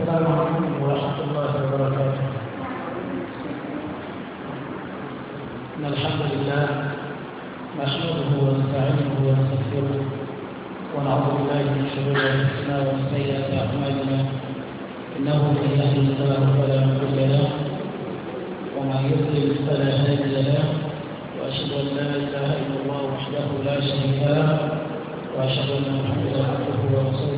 السلام عليكم ورحمة الله وبركاته الحمد لله نحمده ونستعينه ونستغفره ونعوذ بالله من شرور أنفسنا سيئات أعمالنا إنه من يهده فلا مضل له ومن يضلل فلا هادي له وأشهد أن لا إله إلا الله وحده لا شريك له وأشهد أن محمدا عبده ورسوله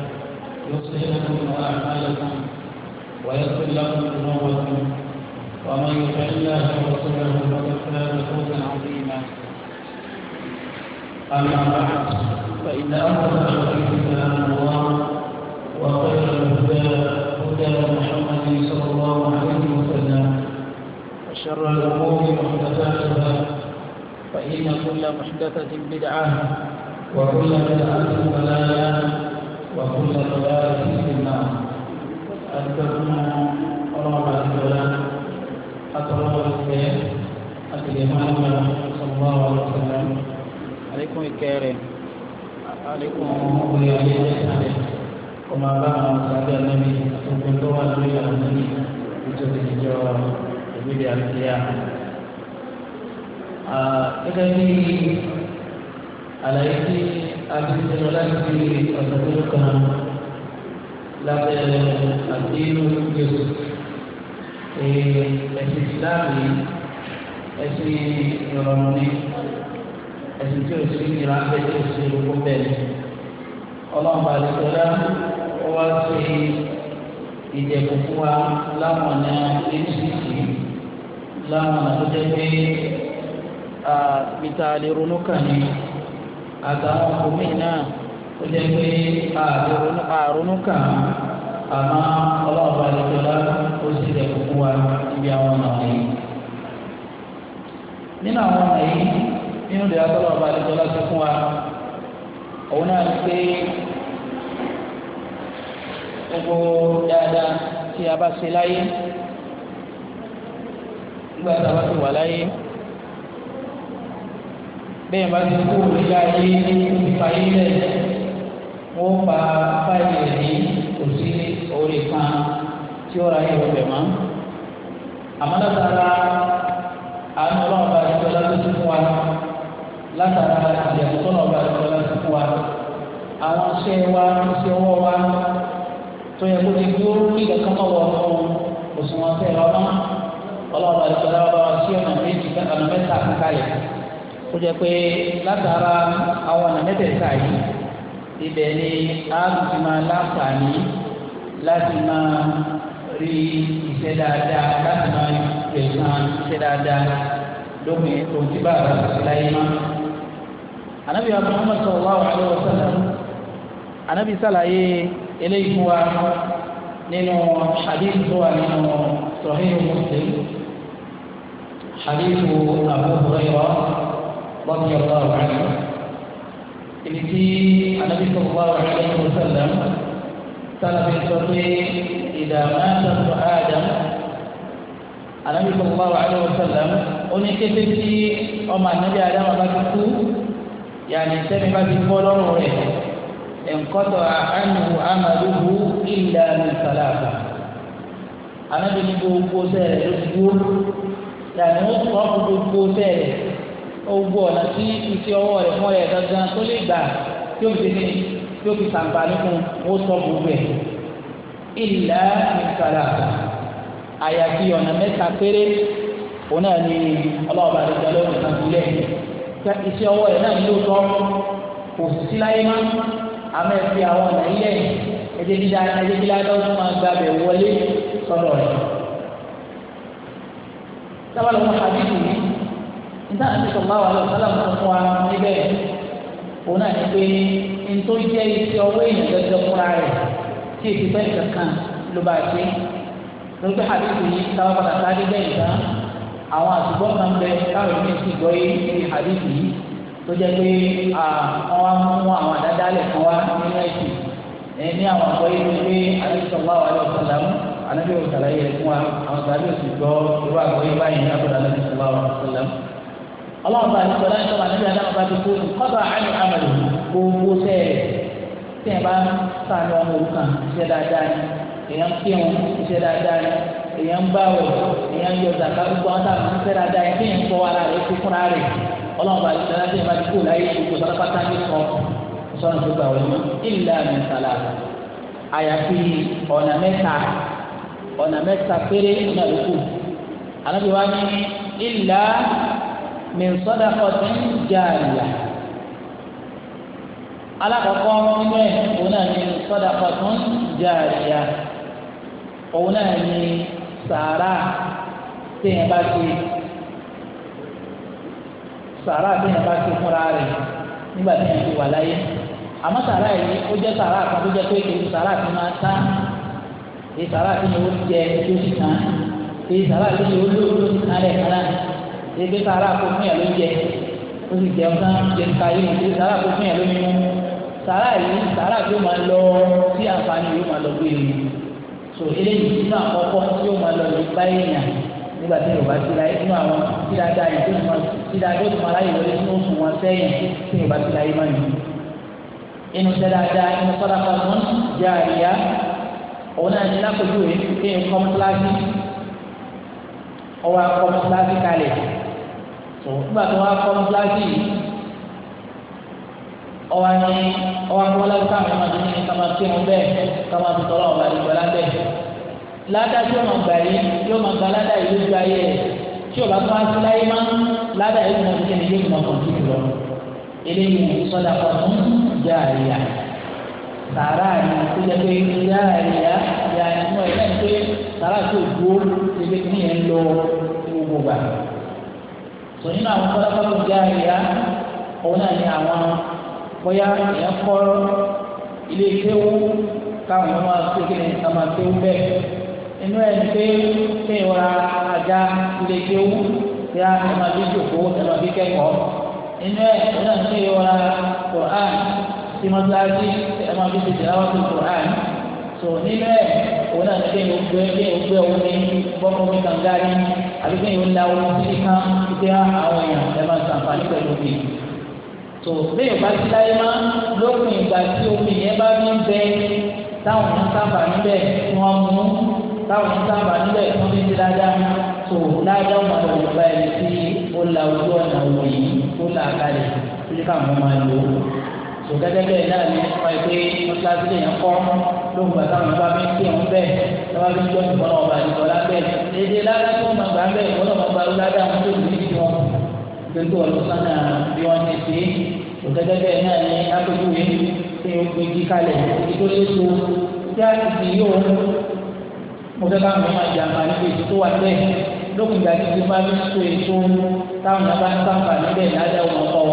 يصلح لكم أعمالكم ويغفر لكم ذنوبكم ومن يطع الله ورسوله فقد فاز فوزا عظيما أما بعد فإن أفضل الحديث كلام الله وخير الهدى هدى محمد صلى الله عليه وسلم وشر الأمور محدثاتها فإن كل محدثة بدعة وكل بدعة ضلالة وكل ضلالة في النار أذكرنا رب العالمين أترى الخير أكلمنا صلى الله عليه وسلم عليكم الكريم عليكم ويعلمنا وما بقى صلى النبي أتوب الله عليه النبي بجد الجواب بجد القيامة آه إذا àlàyé tí abisinu láti ọ̀sán kan lábẹ́ àdínú yóò ẹ̀sìn ìsìláàmù ẹ̀sìn ìrọ̀rùn ni ẹ̀sìn tí o sì ń yìrà bẹ́ẹ̀ tí o sì ń kó bẹ́ẹ̀ ọlọ́mọba àdìsọ́lá ó wá sí ìjẹ̀kù fún wa lámọ̀nà hcc lámọ̀nà tó jẹ́ àtàwọn ọkùnrin náà ó jẹ́ pé àrùnú kà àmọ́ ọlọ́run bá lè tọ́lá ó sì lè kókó wa níbi àwọn ọ̀nà yìí. nínú àwọn ọ̀nà yìí nínú ìdílé àtọ́lọ́run bá lè tọ́lá wa òun náà ti pé gbogbo dáadáa tí a bá ṣe láyé nígbà tí a bá ti wà láyé bẹ́ẹ̀ bá ti kú nílé ayé nípa ilẹ̀ wọ́n pa fáìlì rẹ̀ ní òsì orí kan tí ó ra ìwọ bẹ̀ mọ́. àmọ́ látara àánú ọlọ́run bá ti tọ́lá tó ti fún wa látara ìyàtọ̀ tọ́lá bá ti tọ́lá tó fún wa àwọn iṣẹ́ wa iṣẹ́ ọwọ́ wa tó yẹ kó ti dúró kí kankan máa wọ ọmọ òṣùwọ̀n tẹ̀ lọ́nà ọlọ́run bá ti tọ́lá bá wa sí ọ̀nà méjì ọ̀nà mẹ́ta kankan yẹn kó jẹ́ pé látara àwọn ọ̀nà mẹ́tẹ̀ẹ̀ta yìí ibẹ̀ ni a ti máa láǹfààní láti máa rí iṣẹ́ dáadáa láti máa rí ẹ̀sán iṣẹ́ dáadáa lópin tó ti bá ara láyé má. Ànábì Muhammad sallallahu alaihi wasallam Ànábì sàlàyé eléyìí fún wa nínú hadith tó wà nínú Sahih Muslim hadith Abu Hurairah. رضي الله عنه إنتي النبي صلى الله عليه وسلم سلف الصديق إذا مات ابن آدم النبي صلى الله عليه وسلم أنكتتي أما النبي آدم بكتو يعني سمع بفولون وريه انقطع عنه عمله إلا من ثلاثة النبي نقول قوسير يسجد يعني وصف قوسير owó ọ̀nà tí iṣẹ́ ọwọ́ rẹ̀ fún ọ̀rẹ́ gangan tó lè gbà tí ó fi ní tí ó fi sàǹfààní fún ó sọ gbogbo ẹ̀ ìlà ìsàlà àyàfi ọ̀nà mẹ́ta péré òun náà ni ọlọ́ọ̀bà àdìgbà lọ́wọ́ ìsàkúlẹ̀ iṣẹ́ ọwọ́ rẹ̀ náà ni ó sọ kò sí láyé má àmọ́ ẹ fi àwọn ọ̀nà ilẹ̀ ẹ̀jẹ̀ dídá ẹ̀jẹ̀ dídá lọ́wọ́ máa gbàbẹ̀ wọlé sọ́dọ̀ rẹ̀ sábà àdìgbò yìí níta àti sọ̀gbà wà lọ sálà mọ̀ fún wa níbẹ̀ òun náà ní pé nítorí jẹ́ iṣẹ́ ọwọ́ èèyàn gẹ́gẹ́ fúnra rẹ̀ tí èsì bẹ́ẹ̀ kankan ló bá ṣe lórí pé yìí táwọn padà sáré bẹ́ẹ̀ tán àwọn àtúgbọ́ kan bẹ káwọn èmi ti gbọ́ yé ní àdéhùn yìí tó jẹ́ pé àwọn mú àwọn àdádálẹ̀ kan wá nínú ẹ̀sìn ní àwọn àgbọ̀ yìí ló gbé àdéhùn sọ̀gbà wà lọ sálà mọ́ anabi wa sàlàyé fún wa àwọn sàlàyé òsì gbọ́ irú àgbọ̀ yìí báyìí ní abúlé anabi sọ̀gbà wà lọ ọlọ́run bá ní sọlá ìṣọ́ba níbi anyị bá ti kú àánú gbogbo sẹ́ẹ̀ tẹ̀ bá sànù ọmọ òrukàn iṣẹ́ dáadáa ni èèyàn ń kírun iṣẹ́ dáadáa ni èèyàn ń báwọ̀ èèyàn ń yọ zàkà gbogbo àwọn táwọn dáadáa kéèyàn ara rẹ̀ rẹ̀ ní sọlá bá ti kú láyé gbogbo sọlá pátá ní sọ min sadaqatin jariyah alakọkọ nínú ẹ òun náà ní sadaqatin jariyah òun náà ní sàárà téèyàn bá ti sàárà téèyàn bá ti fúnra rẹ̀ nígbà téèyàn ti wà láyé àmọ́ sàárà yìí ó jẹ́ sàárà kan tó jẹ́ pé èyí sàárà ti máa tán èyí sàárà ti ní ó jẹ tó ti èyí sàárà ti ní ó lò ó ti tán ebi sàrà kó fún yà ló jẹ ó sì jẹun tán jẹun ká yìí ebi sàrà kó fún yà ló mímú sàrà yìí sàrà tó máa lọ sí àǹfààní yóò máa lọ gbére so eléyìí nínú àkọ́kọ́ tí yóò máa lọ yìí báyìí yàn nígbà tí yorùbá ti la inú àwọn tí dáadáa yìí tó máa tí dáadáa tó máa láyè wọlé tó sùn wọn sẹ́yìn tí yorùbá ti la yìí máa yìí inú sẹ́ dáadáa inú sọ́dà kan mọ́ jẹ́ àríyá òun náà ní lápòjú rẹ̀ kéèyàn kọ́ mọ́ kíláàsì ọwọ́ akọ́ mọ́ kíláàsì kalẹ̀ tó nígbà tó wá kọ́ mọ́sálásí ọwọ́ ni ọwọ́ akọ́wọ́ láti káwọn ọmọdé ní ká máa kí wọn bẹ́ẹ̀ ká máa fi tọ́lọ́ ọ̀gá ìgbà lábẹ́ ládá tí ó máa gbà yìí yóò máa gba ládá yìí lójú ayé rẹ̀ tí o bá tó wá sí láyé má ládà yìí máa kéde yóò máa kàn tó lọ eléyìí sọdà kan fún jáàríyà sàrà yìí tó jẹ pé jáàríyà yà ẹnu ẹ lẹ́yìn pé sàrà tó dúró tò nínú àwọn sọ́dọ́kọ́ tó jẹ́ àríyá òun náà ni àwọn bóyá èèyàn kọ́ ilé kéwú káwọn èèyàn máa ṣe kí ni ká máa kéwú bẹ́ẹ̀ inú ẹ̀ ní pé kéèyàn wá ajá ilé kéwú tí a ẹ máa fi jòkó ẹ máa fi kẹ́kọ̀ọ́ inú ẹ̀ òun náà ní kéèyàn wá Qur'an tí mọ́sálásí ẹ máa fi ṣe tìláwá tó Qur'an tò nínú ẹ̀ òun náà ní kéèyàn gbé òun ní bọ́kọ́ mi kàn gárí àbí fún ìwé ńlá wọn sí kan títí àwọn èèyàn ẹ máa ṣàǹfààní pẹ̀lú omi tó bẹ́ẹ̀ bá ti láyé má lópin ìgbà tí omi yẹn bá ní bẹ táwọn ń sábà níbẹ̀ tí wọ́n mú táwọn ń sábà níbẹ̀ tí wọ́n ti dáadáa tó dáadáa wọn lọ wọ báyìí tí ó la ojú ọ̀nà wò yìí ó là kalẹ̀ títí káwọn máa lò ó tó gẹ́gẹ́ bẹ́ẹ̀ náà ní wọ́n pé wọ́n ti ló ń gbàtà wọn bá fi ń kí wọn bẹ́ẹ̀ lọ́wọ́ fi ń jọ́ ìfọ́nà ọba ìfọ́lá bẹ́ẹ̀ èdè lára tó ń gbàgbà bẹ́ẹ̀ wọ́n lọ́wọ́ gba ládàá wọn tó lùmí sí wọn gbogbo ọ̀dọ́ sánà bí wọ́n ti ṣe òtẹ́tẹ́ bẹ́ẹ̀ náà ní akéwìwé tí ó gbé kí kalẹ̀ èyí tó tí a ti sì yóò mo fẹ́ ká mọ̀ àjàmbá níbi èyí tó wà bẹ́ẹ̀ lókun ìgbà tí ti máa fi so èso táwọn náà bá ń sáǹfà níbẹ̀ ládàá wọn kọ́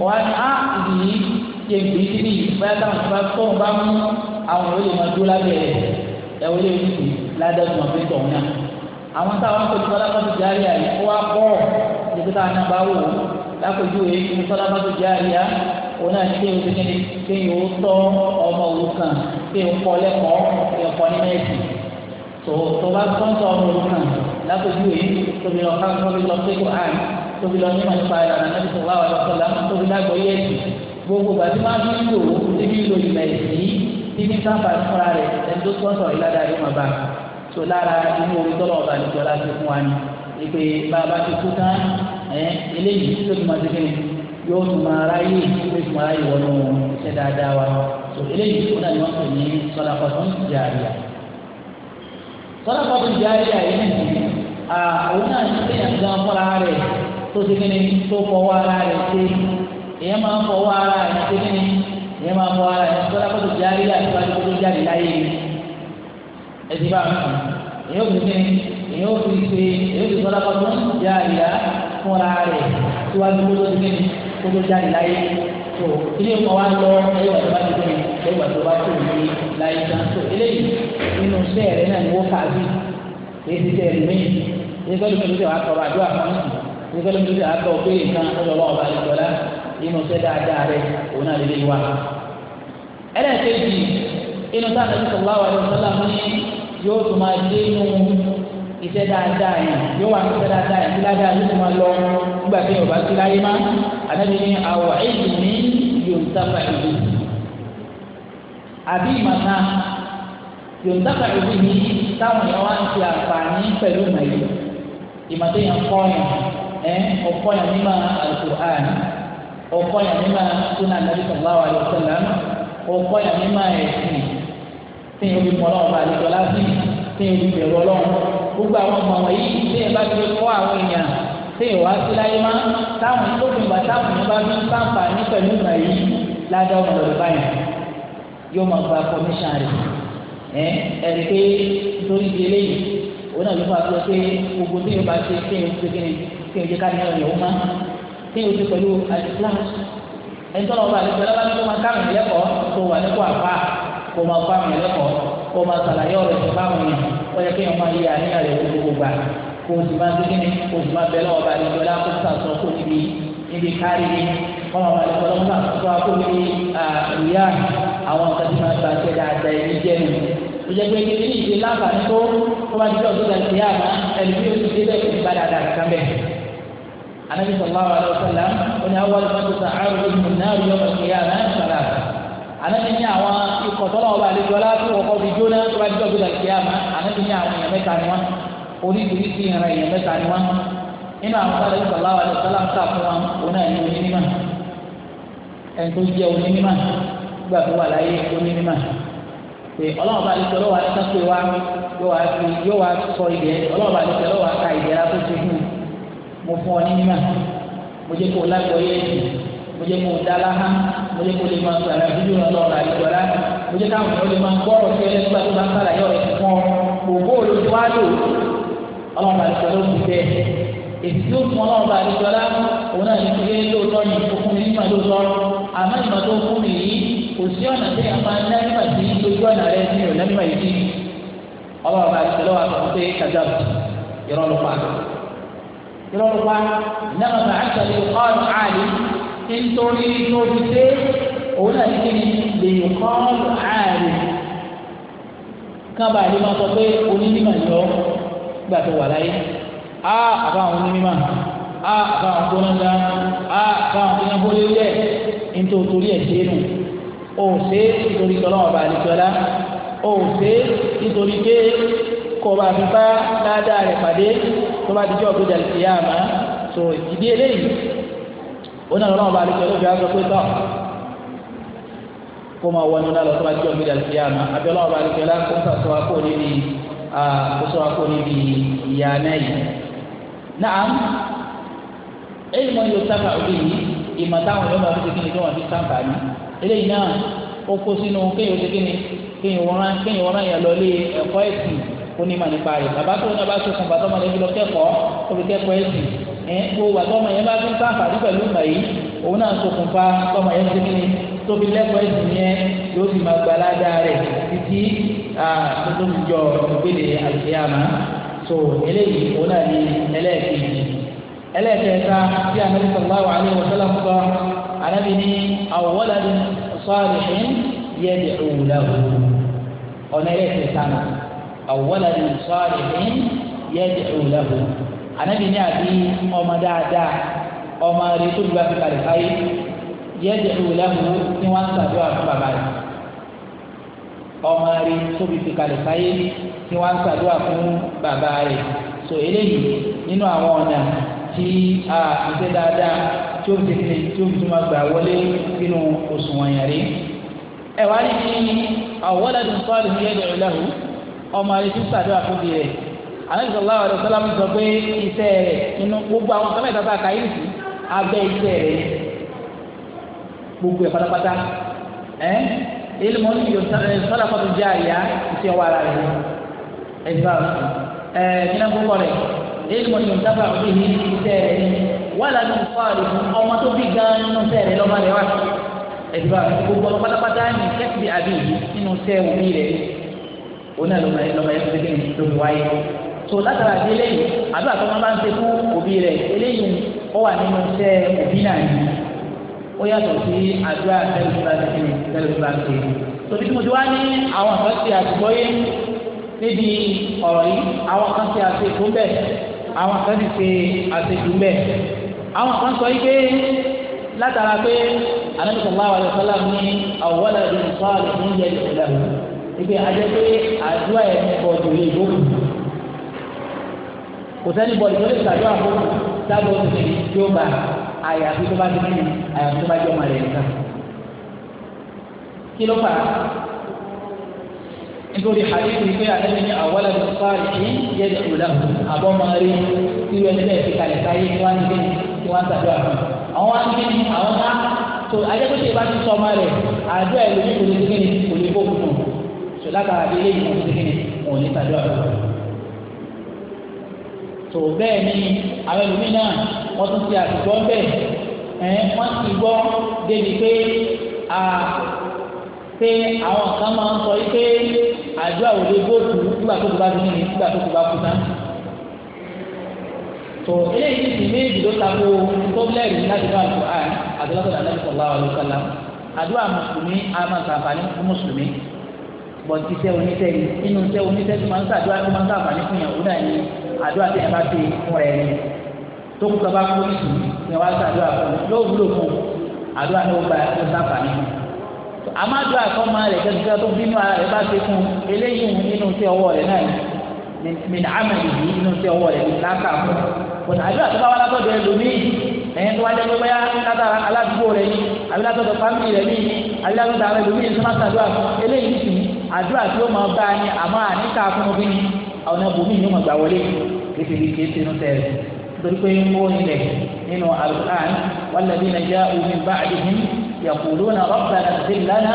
wọ́n á ìdí ah, yìí yẹ gbé síbi yìí bóyá táwọn ìfipá tóun bá mú àwọn olè máa dúró lábẹ́ rẹ̀ ẹ wọlé ìlú ládàgbọ́n àfi tọ̀ náà àwọn táwọn akọ̀tù alákọ̀tù járe àyè kó wá pọ̀ níbi táwọn náà bá wò lákòjú rẹ̀ ìlú sọ́lámọ́tò járe á wọn náà ṣe oṣù kí ni kí n yóò tọ́ ọmọ òrukàn kí n kọ́ lẹ́kọ̀ọ́ kí n kọ́ ní mẹ́ẹ̀sì tó tó bá tọ́ ọmọ òrukàn lákòjú rẹ̀ tóbi lọ́ọ́ ká tóbi lọ nípa nípa ìlànà náà tó wà wà lọ́sọ̀lá tóbi lágbọ̀ yé ẹ̀sì gbogbo gbàtí máa fi lò ó níbi ìlò ìmọ̀ ẹ̀sì tí ní sábà fúnra rẹ̀ ẹni tó sọ̀tọ̀ ìlàdà yóò máa bá a tó lára inú orí tọ́lọ̀ ọba àdìjọ láti fún wa ni ìpè bàbá ti kú tán eléyìí tó ti máa ti kí ni yóò tún máa ráyè yóò tún máa ráyè wọnú iṣẹ́ dáadáa wa tó eléyìí tó náà ni wọ́n pè ní sọ́lápọ̀tún jàríà sọ́lápọ̀tún jàríà yìí àwọn náà ti tó ṣe kí ni tó fọwọ́ ara rẹ̀ ṣe èèyàn máa ń fọwọ́ ara rẹ̀ ṣe kí ni èèyàn máa fọwọ́ ara rẹ̀ ṣe kọ́lá kótó jáde àti bá tó jáde láyé ni ẹtì bá mi èèyàn ò fi kí ni èèyàn ò fi ṣe èèyàn ò fi kọ́lá kótó jáde á fún ara rẹ̀ síwájú kótó ṣe kí ni kótó jáde láyé tó ilé ìwọ̀n wa lọ ẹ̀yọ̀ tó bá ti dé ẹ̀yọ̀ tó bá tó yé láyé tán tó eléyìí nínú sẹ́ẹ̀rẹ́ náà ni wọ́n kà á bí èyí ti sẹ́ẹ̀rẹ́ mí nígbàlẹ́ mi ti àbẹ̀ òkè nǹkan ọ̀dọ̀ ọlọ́wọ́ ọba àdìgbọ́lá nínú sẹ́ dáadáa rẹ̀ òun náà lè wá. ẹlẹ́ẹ̀kejì inú sáà nàbí sọ̀rọ̀ wà lọ́wọ́ sọ́lá mú ní yóò tún máa dé inú iṣẹ́ dáadáa yẹn yóò wà ní iṣẹ́ dáadáa yẹn dáadáa yóò tún máa lọ nígbà tí yorùbá ti láyé má ànábi ní àwọ̀ ẹ̀jì ní yorùbá ìlú àbí ìmọ̀ta yorùbá ìlú ní táwọn yẹn ẹ ọkọ yẹn ní máa alukur'an ọkọ yẹn ní máa sunan nabi sallallahu alayhi wa sallam ọkọ yẹn ní máa ẹsìn tí yẹn fi mọ Ọlọ́run bá àlejò láti tí yẹn fi bẹ̀rù Ọlọ́run gbogbo àwọn ọmọ wọn yìí tí yẹn bá fi kọ́ àwọn èèyàn tí yẹn wá sí láyé má táwọn tó fi gbà táwọn yẹn bá ń sáǹfà ní pẹ̀lú ìgbà yìí ládàá ọmọ lọ́dọ̀ báyìí yóò máa gba kọmíṣán rẹ̀ ẹ ẹ̀rí pé nítorí ìdílé yìí òun náà ló fà á sọ pé gbogbo tí yẹn bá ṣe kéèyàn ṣe kéèyàn kí o jẹ ká ní ọ̀rọ̀ yẹ̀wò má kí o ti pẹ̀lú àdìsílámù ẹ̀ńtọ́ ọba àdìsílámù bá ní kó máa káàmì lẹ́kọ̀ọ́ tó wà ní kó àfa kó máa kó àmì lẹ́kọ̀ọ́ kó máa sàlàyé ọ̀rọ̀ ẹ̀sìn fáwọn yẹn ó yẹ kí o máa yẹ àníyàn rẹ̀ gbogbo gbà kó o sì máa dé kíni kó o sì máa bẹ lọ́wọ́ ọba àdìsílámù kó o sàtọ́ kó níbi níbi kárí ni wọ́n máa balẹ̀ kọ́ lọ́wọ́ sàtọ́ kó níbi ìyá àwọn kan ti máa gba dáadáa ẹni jẹ́ anabi sallallahu alayhi wa sallam ó ní awọ́lẹ̀ mọ́tò sàn áàrùn ìlú náà yọ ọ̀kẹ́yà náà sàrà anabi ní àwọn ikọ̀ tọ́lọ̀ ọba àlejò aláàfin kọ̀ọ̀kọ́ fi jóná tó bá dídọ̀ gbọdọ̀ kíá ma anabi ní àwọn èèyàn mẹ́ta ni wọn oríṣiríṣi ìran èèyàn mẹ́ta ni wọn nínú àwọn sáré sallallahu alayhi wa sallam ń kà fún wọn òun náà ní onímọ̀ ẹni tó jẹ́ onímọ̀ nígbà tó wà láyé onímọ̀ pé ọlọ́run bá lè tọ́lọ́ wa ní sọ́kè wa yóò wá sọ ìdẹ́ ọlọ́run bá lè tọ́lọ́ wa ka ìdẹ́ra tó ti fún un mo fún ọ ní mímà mo jẹ́ kó o lágbọ́ yé ẹ̀sìn mo jẹ́ kó o dá láhá mo jẹ́ kó o lè máa sọ àlàyé bí wọn lọ́ọ̀rọ̀ àdìgbọ́lá mo jẹ́ káwọn èèyàn lè máa gbọ́rọ̀ sí ẹlẹ́ni tó bá ń sàlàyé ọ̀rẹ́ fún ọ òbó olójú wá lò ọlọ́run àdìgbọ́lá ó ti bẹ́ẹ̀ èsì tó fún ọlọ́run àdìgbọ́lá òun náà ní kí lóòótọ́ yìí ó fún mi nígbà lóòótọ́ àmọ́ tó fún ìrọ̀lùpá ìnáwó bàá tẹ̀lé ọ̀rù àlè nítorí tó fi dé òun náà ní kíni lè kọ́ ọ̀rù àlè kábàá ní ma sọ pé onímọ̀ yọ gbà tó wà láyé á àbáwọn onímọ̀ á àbáwọn gbọ́nàdá á àbáwọn gbọ́nà bó lé lẹ̀ nítorí torí ẹ̀ ṣe é nù ó ṣe é nítorí tọ́lọ́wọ́ bàálí tọ́lá ó ṣe é nítorí pé kó o bá fi bá ládàá rẹ̀ pàdé tó bá dijọ́ tó jà lè yáàmá tó ìdí eléyìí ó náà lọ́wọ́ bá lè jọ lóbi aṣọ pé tọ́ kó máa wọnú náà lọ tó bá dijọ́ tó jà lè yáàmá àbí ọlọ́wọ́ bá lè jọ lá kó sọ wá kó níbi kó sọ wá kó níbi ìyá náà yìí. náà èyí mọ yóò sábà òbí yìí ìmọ̀ táwọn yóò máa fi kíni tó wọn fi sábà eléyìí náà ó kó sínú kéèyàn ó kéèyàn wọ́n rán kéèyàn wọ́n rán yẹn lọ lé ẹ̀kọ́ ẹ̀sìn ó ní mà nípa rẹ̀ bàbá tó náà bá tó fún bàtọ́ ọmọdé lọ kẹ́kọ̀ọ́ ó kẹ́kọ̀ọ́ ẹ̀sìn ẹ̀ gbogbo bàtọ́ ọmọ yẹn bá fi ń sáfàdí pẹ̀lú ìmọ̀ yìí òun náà ṣokùnfà tọmọ yẹn ti ní tóbi lẹ́kọ̀ọ́ ẹ̀sìn yẹn yóò fi máa gbalada rẹ̀ títí tóbi jọ ìgbélé àlùfíàmà so eléyìí òun náà ní ẹlẹ́ẹ̀kejì ẹlẹ́ẹ̀kẹta tí anabi sallallahu alayhi wa náà àwọlà ní sọ́ọ̀rì ní yẹ́dì òwúlẹ́hùn ànábì ní àbí ọmọ dáadáa ọmọ rẹ tó dùgbà fi kàlẹ́ káyé yẹ́dì òwúlẹ́hùn ní wọ́n ń sàdúrà fún bàbá rẹ̀ ọmọ rẹ tó fi fi kàlẹ́ káyé ní wọ́n ń sàdúrà fún bàbá rẹ̀ so eléyìí nínú àwọn ọ̀nà tí a ṣe dáadáa tí ó fi tí ó fi máa gbà wọlé nínú òṣùwọ̀n yàrá ẹ̀ wá ní àwọn ọ̀wọ́lá ní sọ́ọ̀rì ní yẹ́dì òwúlẹ́hùn ọmọ rẹ̀ ti ń sàdúrà fún bi rẹ̀ Ànábì sallallahu alaihi wasallam sọ pé iṣẹ́ rẹ̀ inú gbogbo àwọn sọmọ ìtàkùn àkàyèsí abẹ́ iṣẹ́ rẹ̀ gbogbo ẹ̀ pátápátá ẹ́ ilmu sadaqatu jariyah iṣẹ́ wa ara rẹ̀ ẹ̀ ẹ̀ kíná gbogbo rẹ̀ ilmu yuntafa bihi iṣẹ́ rẹ̀ wàlá ní fọ́ọ̀lù ọmọ tó bí gan nínú iṣẹ́ rẹ̀ lọ́mọ rẹ̀ wá ẹ̀ gbogbo ọmọ pátápátá ní kẹ́sì òun náà lọ́mọ yẹn lọ́mọ yẹn ti kékeré tó fi wáyé tó látara di eléyìí àdúrà tó máa bá ń ṣe fún òbí rẹ̀ eléyìí ó wà nínú iṣẹ́ òbí náà ni ó yàtọ̀ sí àdúrà tẹ́lifíṣẹ́ tòbí tí mo ti wá ní àwọn kan ti àtìgbọ́ yé níbi ọ̀rọ̀ yìí àwọn kan ti àtẹ̀kù ń bẹ̀ àwọn kan ti ṣe àtẹ̀kù ń bẹ̀ àwọn kan sọ yìí pé látara pé Ànábì sallallahu alaihi wasallam ní àwòwọ́lẹ̀ ìṣọ́ àlùfáà lè ibi àjẹpé àdúrà ẹ̀ ní bọ̀dù lè gbókù kò sẹ́ni bọ̀dù tó lè ṣàdúrà fún sábà ó ti tí ó bá àyàfi tó bá ti kí àyàfi tó bá jẹ́ ọmọ rẹ̀ nìkan. kí ló fà á nítorí àdéhùn pé àdéhùn ní àwọlẹ̀ tó fà ní yẹ́ ní ìlú làwọn àbọ̀mọ́rí tí wọ́n ti bẹ́ẹ̀ fi kalẹ̀ sáyé kí wọ́n á ní kí wọ́n á ṣàdúrà fún àwọn á ní àwọn á tó àjẹpé tí ìbá ti sọ ọmọ rẹ̀ àdúrà ẹ̀ tó lágbára bí ilé ìwọ̀n ti kíni wọn ò ní tàbí ọ̀rọ̀ tó bẹ́ẹ̀ ni àwọn ẹlòmíín náà wọ́n tún ti àtìgbọ́ bẹ́ẹ̀ ẹ̀ wọ́n ti gbọ́ débi pé a pé àwọn kan máa ń sọ yìí pé àjọ àwòlé gbòòtù nígbà tó kù bá fi kíni nígbà tó kù bá kú náà tó eléyìí ti méjì ló ta ko tó láti bá àlùkò àyè àti lọ́sọ̀rọ̀ àlẹ́ sọ̀lá ọ̀lẹ́sọ̀lá àdúrà mùsùlùmí àmàtàfà ní mùsùlùmí bọ̀dì tẹ oníṣẹ́ yìí nínú tẹ oníṣẹ́ tí máa ń sàdúrà tó máa ń sàǹfààní fún yàn òun náà ni àdúrà tẹ̀yàn bá ti fún rẹ̀ ni tó kú kaba kú nìkú ni wọ́n á sàdúrà fún un yóò wúlò fún un àdúrà ni ó gba ó sàǹfààní fún un. amadu akọ́mọ rẹ̀ kẹ́kẹ́ tó bínú ara rẹ̀ bá ti fún eléyìí nínú tẹ ọwọ́ rẹ̀ náà min amali yìí nínú tẹ ọwọ́ rẹ̀ láka fún un àdúrà tó bá wà látọ̀dọ̀ ẹlòmíì ẹ̀yìn tó wá jẹ́ pé bóyá látara aládùúgbò rẹ̀ yìí àbí látọ̀dọ̀ fámìlì rẹ̀ yìí àbí látọ̀dọ̀ àwọn ẹlòmíì tó má sàdúrà fún eléyìí sì àdúrà tí ó máa bá a ní àmọ́ àníkà fún obinrin ni àwọn ẹbùn mi yóò máa gbà wọlé kékeré kékeré nù tẹ̀lé nítorí pé ń wọ́n ilẹ̀ nínú alukur'an walladhina ja'u min ba'dihim yaquluna rabbana ighfir lana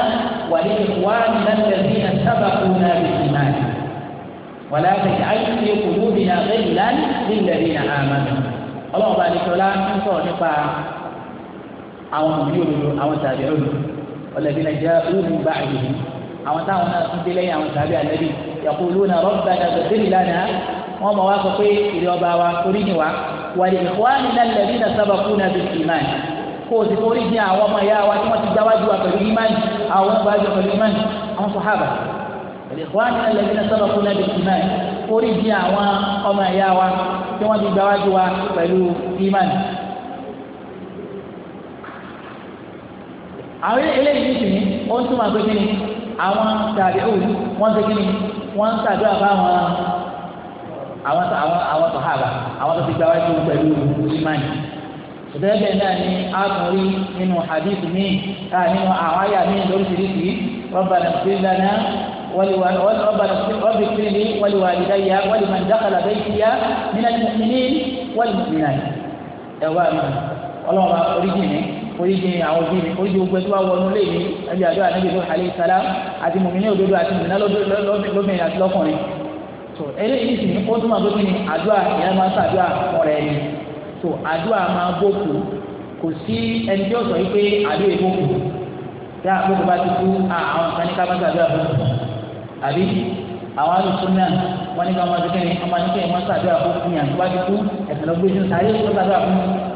wa li ikhwanina alladhina sabaquna bil iman wa la taj'al fi qulubina ghillan lil ladhina amanu ọlọ́run bá nìkọ́lá ń sọ̀rọ̀ nípa àwọn òbí òdodo àwọn tàbí òdodo walladhina ja'u min ba'dihim àwọn táwọn náà tún dé lẹ́yìn àwọn sàbí ànábì yaquluna rabbana ighfir lana wọ́n mọ̀ wá sọ pé ìrì ọba wa torí ni wa wa li ikhwanina alladhina sabaquna bil iman kó o sì forí di àwọn ọmọ ìyá wa tí wọ́n ti gbáwájú wa pẹ̀lú iman àwọn ọmọ ìyá pẹ̀lú iman àwọn sàhábà wa li ikhwanina alladhina sabaquna bil iman forí di àwọn ọmọ ìyá wa tí wọ́n ti gbáwájú wa pẹ̀lú iman. àwọn eléyìí ní ó ń túmọ̀ pé kí ni àwọn tàbí òwú wọ́n ṣe kí ni wọ́n ń ṣàdúrà fáwọn àwọn àwọn àwọn sàhábà àwọn tó ti gba wáyé pẹ̀lú ìmánì ìdẹ́gbẹ́ náà ni a tún rí nínú hadith mi nínú àwọn àyà mi lóríṣiríṣi ربنا اغفر لنا ربنا اغفر لي ولوالدي ولمن دخل بيتي من المؤمنين والمؤمنات. يا الله ọlọ́run bá orí jìnnì oríṣi àwọn òbí mi oríṣi gbogbo ẹtí wà wọnú lé mi ẹbí àdó ànábì ló halẹ̀ ìsàlá àti mùmíní òdodo àti mùmíní lóbìnrin àti lọ́kùnrin tó eléyìí sì ní ó túmọ̀ pé kí ni àdúrà ìyá máa ń sàdúrà ọ̀rẹ́ ẹni tó àdúrà máa bókù kò sí ẹni tí ó sọ wípé àdúrà ìbókù yá àbókù bá ti kú àwọn kan ní ká má sàdúrà bókù àbí àwọn alùpùpù náà wọ́n ní ká má sàdúrà bókù yàn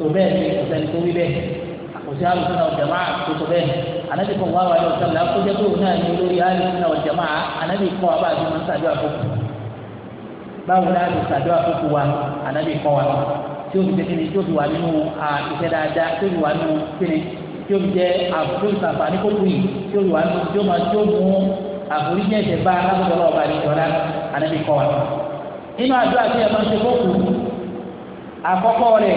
tó bẹ́ẹ̀ ni kò sẹ́ni tó wí bẹ́ẹ̀ kò sí alùpùpù náà jama tó tó bẹ́ẹ̀ anabi kọ wá wàlẹ́ ọ̀sán la kó jẹ́ pé òun náà ní olórí alùpùpù náà jama anabi kọ́ wa bá a ti máa ń sàdó àkókò báwo náà ti sàdó àkókò wa anabi kọ́ wa tí o fi jẹ́ kíni tí o fi wà nínú iṣẹ́ dáadáa tí o fi wà nínú kíni tí o fi jẹ́ àfojúsàfàní kókó yìí tí o fi wà nínú tí o máa tí o mú àforíjì ẹ̀ṣẹ̀ bá alábọ̀dọ̀ ọba àdìjọ́lá anabi kọ́ wa. inú àdúrà tí ẹ máa ń ṣe kókó àkọ́kọ́ rẹ̀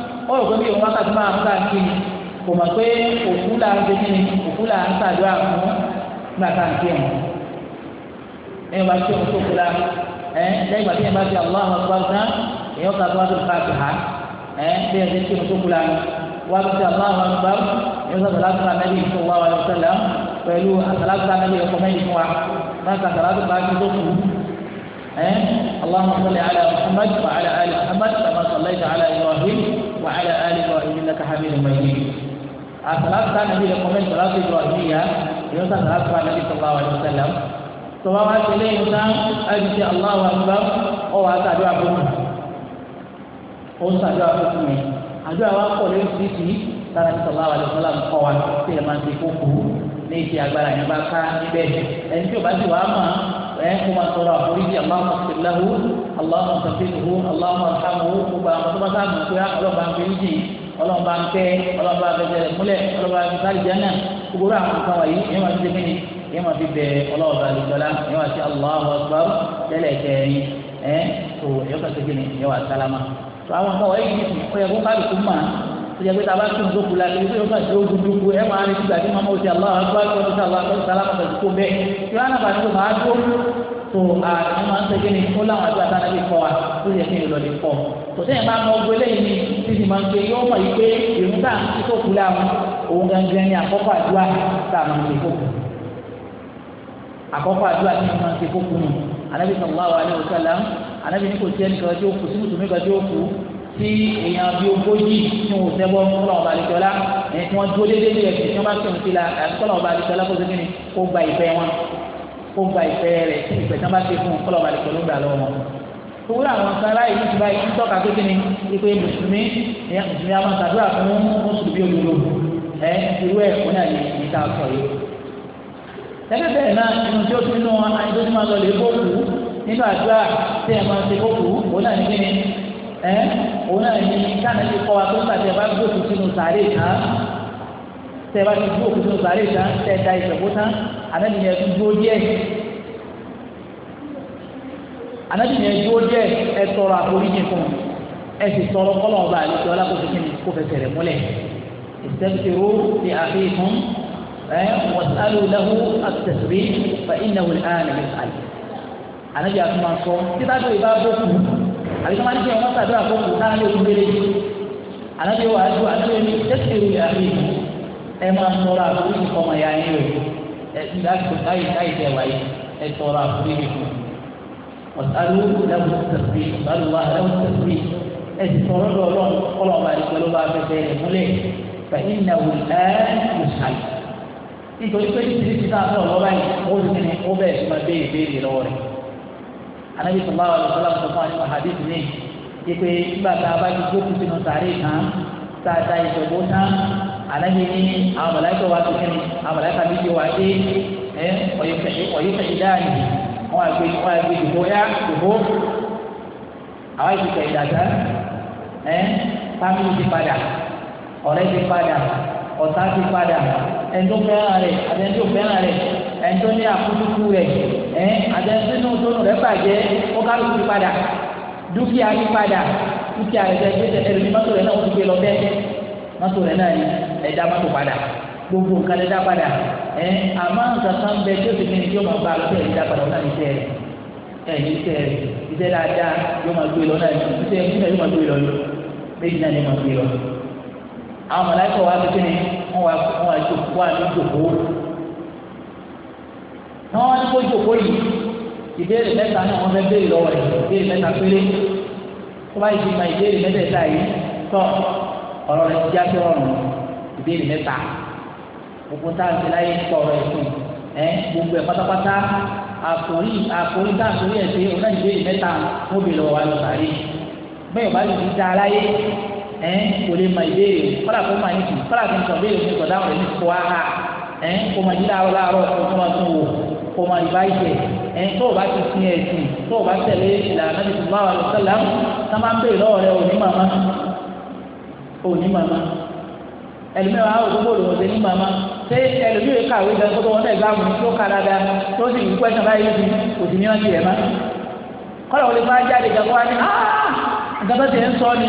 ó rò pé bí òun wákàtí máa ń ká kí ni kò mọ̀ pé òkú là ń gbẹ́kí ni òkú là ń ṣàdúrà fún nígbà tá à ń kírun ẹ̀yìn bá kírun tó kú la ẹ̀ lẹ́yìn ìgbà tí yẹn bá ti àwọn àwọn akpọ̀ àgbà èèyàn kà tó wá tó ká tó ẹ̀ lẹ́yìn tí kírun tó kú la wá tó àwọn àwọn akpọ̀ èèyàn sọ̀rọ̀ láti ra mẹ́lì fún wa wà lọ́sọ̀lá pẹ̀lú اللهم صل على محمد وعلى آل محمد كما صليت على إبراهيم وعلى آل إبراهيم إنك حميد مجيد الصلاة كان النبي لقومين صلاة إبراهيمية يوسف صلاة النبي صلى الله عليه وسلم ثم ما تلي يوسف الله أكبر أو أتى أبوه ó ń sàdúrà fún mi àdúrà wa pọ̀ lórí títí sára ní sọ̀lá àwàlẹ̀ sọ́lá ń kọ́ wa tí ẹ máa ń kókó ní ìṣe agbára yẹn bá ká níbẹ̀ ẹni tí ò bá ti wàá mọ̀ ẹ kó máa tọrọ àforíjì aláwọ sèlèhu aláwọ sàfihù aláwọ alhamu gbogbo àwọn tó bá sáà mọ̀ pé ọlọ́ba ń fẹ́ríjì ọlọ́ba ń tẹ́ ọlọ́ba bẹ̀rẹ̀ múlẹ̀ ọlọ́ba ń sáré jẹ́nà gbogbo àwọn nǹkan wọ̀nyí ìyẹn máa fi ṣe kíni ìyẹn máa fi bẹ ọlọ́ba àlùjọlá ìyẹn máa ṣe aláwọ akbar tẹ́lẹ̀ kẹrin ẹ tó ìyẹn kà ṣe wà sálámà tó àwọn nǹkan wọ̀nyí ìjẹ́ pé tàbá tún dókú la kí ló máa dókú dókú ẹ máa rí sígbà tí màmá òsì aláwọ̀ àgbà tó ti sàlọ̀ àgbà tó sàlọ̀ àgbà tó bẹ́ẹ̀ tí wọ́n á nàbà tó máa dó tó àwọn máa ń tẹ́jẹ́ ní ó láwọn àgbà tá a lè kọ́ wa tó yẹ kí n lọ lè kọ́ tó sẹ́yìn máa mọ ogun eléyìí ni títí máa ń pe yóò mọ̀ yìí pé ìrún tá à ń ti kókù òun gangan ni àkọ́kọ́ àdúrà tá a máa ń ti kókù àkọ́kọ́ àdúrà tí a máa ń ti kókù nù anábì sọ̀rọ̀ wà wà ní òṣèlú anábì ní kò sí ẹnì tí ó kù sí mùsùlùmí kan tí ó kù tí èèyàn bíi ogójì tí wọn ò sẹ́bọ̀ ńkọ́lọ̀ ọba àlejòlá ẹ̀ tí wọ́n dúró déédéé ní ẹ̀sìn tí wọ́n bá tẹ̀ wọ́n ti la ńkọ́lọ̀ ọba àlejòlá kó sẹ́kìnì kó gba ìfẹ́ wọn kó gba ìfẹ́ rẹ̀ tí ìfẹ́ tí wọ́n bá ti fún ńkọ́lọ̀ ọba àlejòlá gbà lọ́wọ́ wọn. owó àwọn sára yìí ti báyìí ń tọ́ka sẹ́kìnì ipe mùsùlùmí mùsùlùmí àwọn sàdúrà fún mùsùlùmí olùlò ẹ irú ẹ̀ fún náà yìí ní ká sọ yìí. ẹgbẹ́ bẹ́ẹ̀ náà inú tí ó ẹ òun náà ní káàdì ti kọ́ wa pé nígbà tí ẹ bá gbé òkú sínú sàárè tán tẹ ẹ bá ti gbé òkú sínú sàárè tán tẹ ẹ da ìṣẹ̀kú tán ànábì yẹn tún dúró díẹ̀ ànábì yẹn dúró díẹ̀ ẹ tọrọ àforíjì fún un ẹ sì tọrọ kọ́lọ̀ ọba àlejò alákòóso kí ni kó fẹsẹ̀ rẹ̀ múlẹ̀ ìsẹ́bìtìrú ti àfi fún ẹ wọ́sálù lẹ́hu àtẹ̀sírí fa ìnáwó ní àná àbí sọ ma ní kí ọmọ sàdúrà fún mi náà lè fi gbélé ànábi wà á dùn àdúrà mi tẹ́sí ìrù àbí ẹ máa tọrọ àforíjì ọmọ ya yín o ẹ dáàbò táyì táyì tẹ wáyé ẹ tọrọ àforíjì fún ọ̀sálù lẹ́wọ̀n tẹ̀sí ọ̀sálù wa lẹ́wọ̀n tẹ̀sí ẹ ti tọrọ lọ kọ́lọ̀ ọba àdìgbò ló bá fẹ́ fẹ́ múlẹ̀ fẹ̀yìn náà wò ẹ́ anabi sallallahu alaihi wasallam sọ fún àníwá hadith ní ipe nígbà tá a bá ti gbókùn sínú sàárè kan tá a da ìṣòwò tán anabi ní àwọn mọ̀láìkà wa tó kẹ́ni àwọn mọ̀láìkà méjì wa dé ẹ ọ̀yọ́fẹ̀ ìdáàlì wọn àgbè wọn àgbè ìdìbò yá ìdìbò àwọn ìdìbò ìdàgbà ẹ fámìlì ti padà ọ̀rẹ́ ti padà ọ̀tá ti padà ẹni fẹ́ràn rẹ̀ àti fẹ́ràn rẹ̀ ẹni tó ní àkútúkú rẹ̀ ẹ àtẹnudínú tónú rẹ̀ bàjẹ́ ó kálukú ti padà dúkìá ti padà dúkìá rẹ̀ tẹ̀ ẹ̀rù ní mọ́tò rẹ̀ náà ó ti gbé lọ bẹ́ẹ̀ mọ́tò rẹ̀ náà ni ẹ̀dá mọ́tò padà gbogbo nǹkan lè dá padà ẹ àmọ́ nǹkan kan tí o ti fẹ́ni tí o máa bá a lọ bẹ́ẹ̀ lè dá padà ọ̀nà ìṣe rẹ̀ ẹ̀ ní ìṣe rẹ̀ ìṣe dáadáa yóò máa gbé lọ náà ní ìṣe ìṣe yóò máa gbé lọ lọ méjì náà ni máa gbé lọ. àwọn mọ̀láìkọ̀ wa ti fẹ́ni wọ́n wá wọ́n wá jòkó wà ní kójú òkó yìí ìbéèrè mẹ́ta náà wọ́n fẹ́ béèrè lọ́wọ́ rẹ̀ ìbéèrè mẹ́ta péré tó bá yìí ti ma ìbéèrè mẹ́tẹ̀ẹ̀ta yìí tọ́ ọ̀rọ̀ rẹ̀ ti já sí ọ̀rùn ìbéèrè mẹ́ta gbogbo táàbí láyé ń pọ̀ ọ̀rọ̀ ẹ̀sìn ẹ̀ gbogbo ẹ̀ pátápátá àkòrí àkòrí tá àkòrí ẹ̀ ṣe ọ̀nà ìbéèrè mẹ́ta móbi lọ́wọ́ wa lọ sàárè bẹ́ẹ̀ bá lè fi da aláyé ẹ̀ kò lè ma ìbéèrè kọ́lá kó máa yìí kọ́lá kó ń sọ béèrè fún ìkọ̀dáwọ̀ rẹ̀ ní kó wá ha ẹ̀ kó máa yí láàárọ̀ láàárọ̀ kó máa tún wò kó máa yìí báyìí jẹ ẹni tó o bá ti sin ẹsìn tó o bá tẹ̀lé ìlànà Ànábì sallallahu alaihi wasallam tá máa ń pè lọ́wọ́ rẹ òní màmá òní màmá ẹlòmíràn àwọn òdúgbò lòun ṣe ní màmá ṣé ẹlòmíràn kàwé gan kó tó wọn tẹ̀gbá àwọn tó kára ga tó sì ń pẹ́sàn báyìí lóbi òdì ní ọ̀sẹ̀ ẹ̀ má kọ́lọ̀ wọlé bá jáde gan kó wá ní àgàbà ah! tẹ̀ ń sọ ní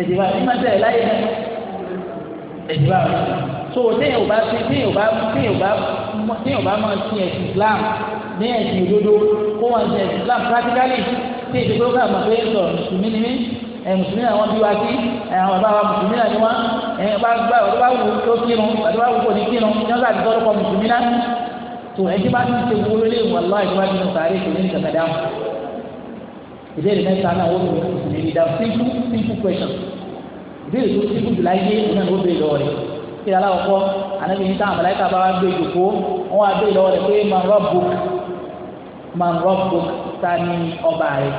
ẹ̀dìbà nígbà tẹ̀ láyé ẹ̀dìbà so téèyàn ò bá téèyàn ò ní ọba máa ti ẹ̀sìn Islam ní ẹ̀sìn òdodo kó wọn ti ẹ̀sìn Islam practically tí èdè tó kà máa fẹ́ sọ mùsùlùmí ni mí ẹ̀ mùsùlùmí làwọn bí wa sí ẹ̀ àwọn bàbá wa mùsùlùmí là ní wa ẹ̀ bá bá ọ̀dọ́ bá wù tó kírun ọ̀dọ́ bá wù kò ní kírun ní ọ̀sán àti tọ́lọ́kọ̀ mùsùlùmí náà tó ẹ̀ bá ti ṣe wúlò lé wàlá ìjọba nínú sàárè simple simple question ìbéèrè simple jùlọ ayé òun náà wọ́n bẹ̀rẹ̀ lọ́wọ́ kí aláwọ̀kọ́ ànábi ní táwọn màláíkà bá wá gbé ìjòkó wọn wá gbé ìlọ́wọ́ rẹ̀ pé man rabbuk man rabbuk ta ni ọba rẹ̀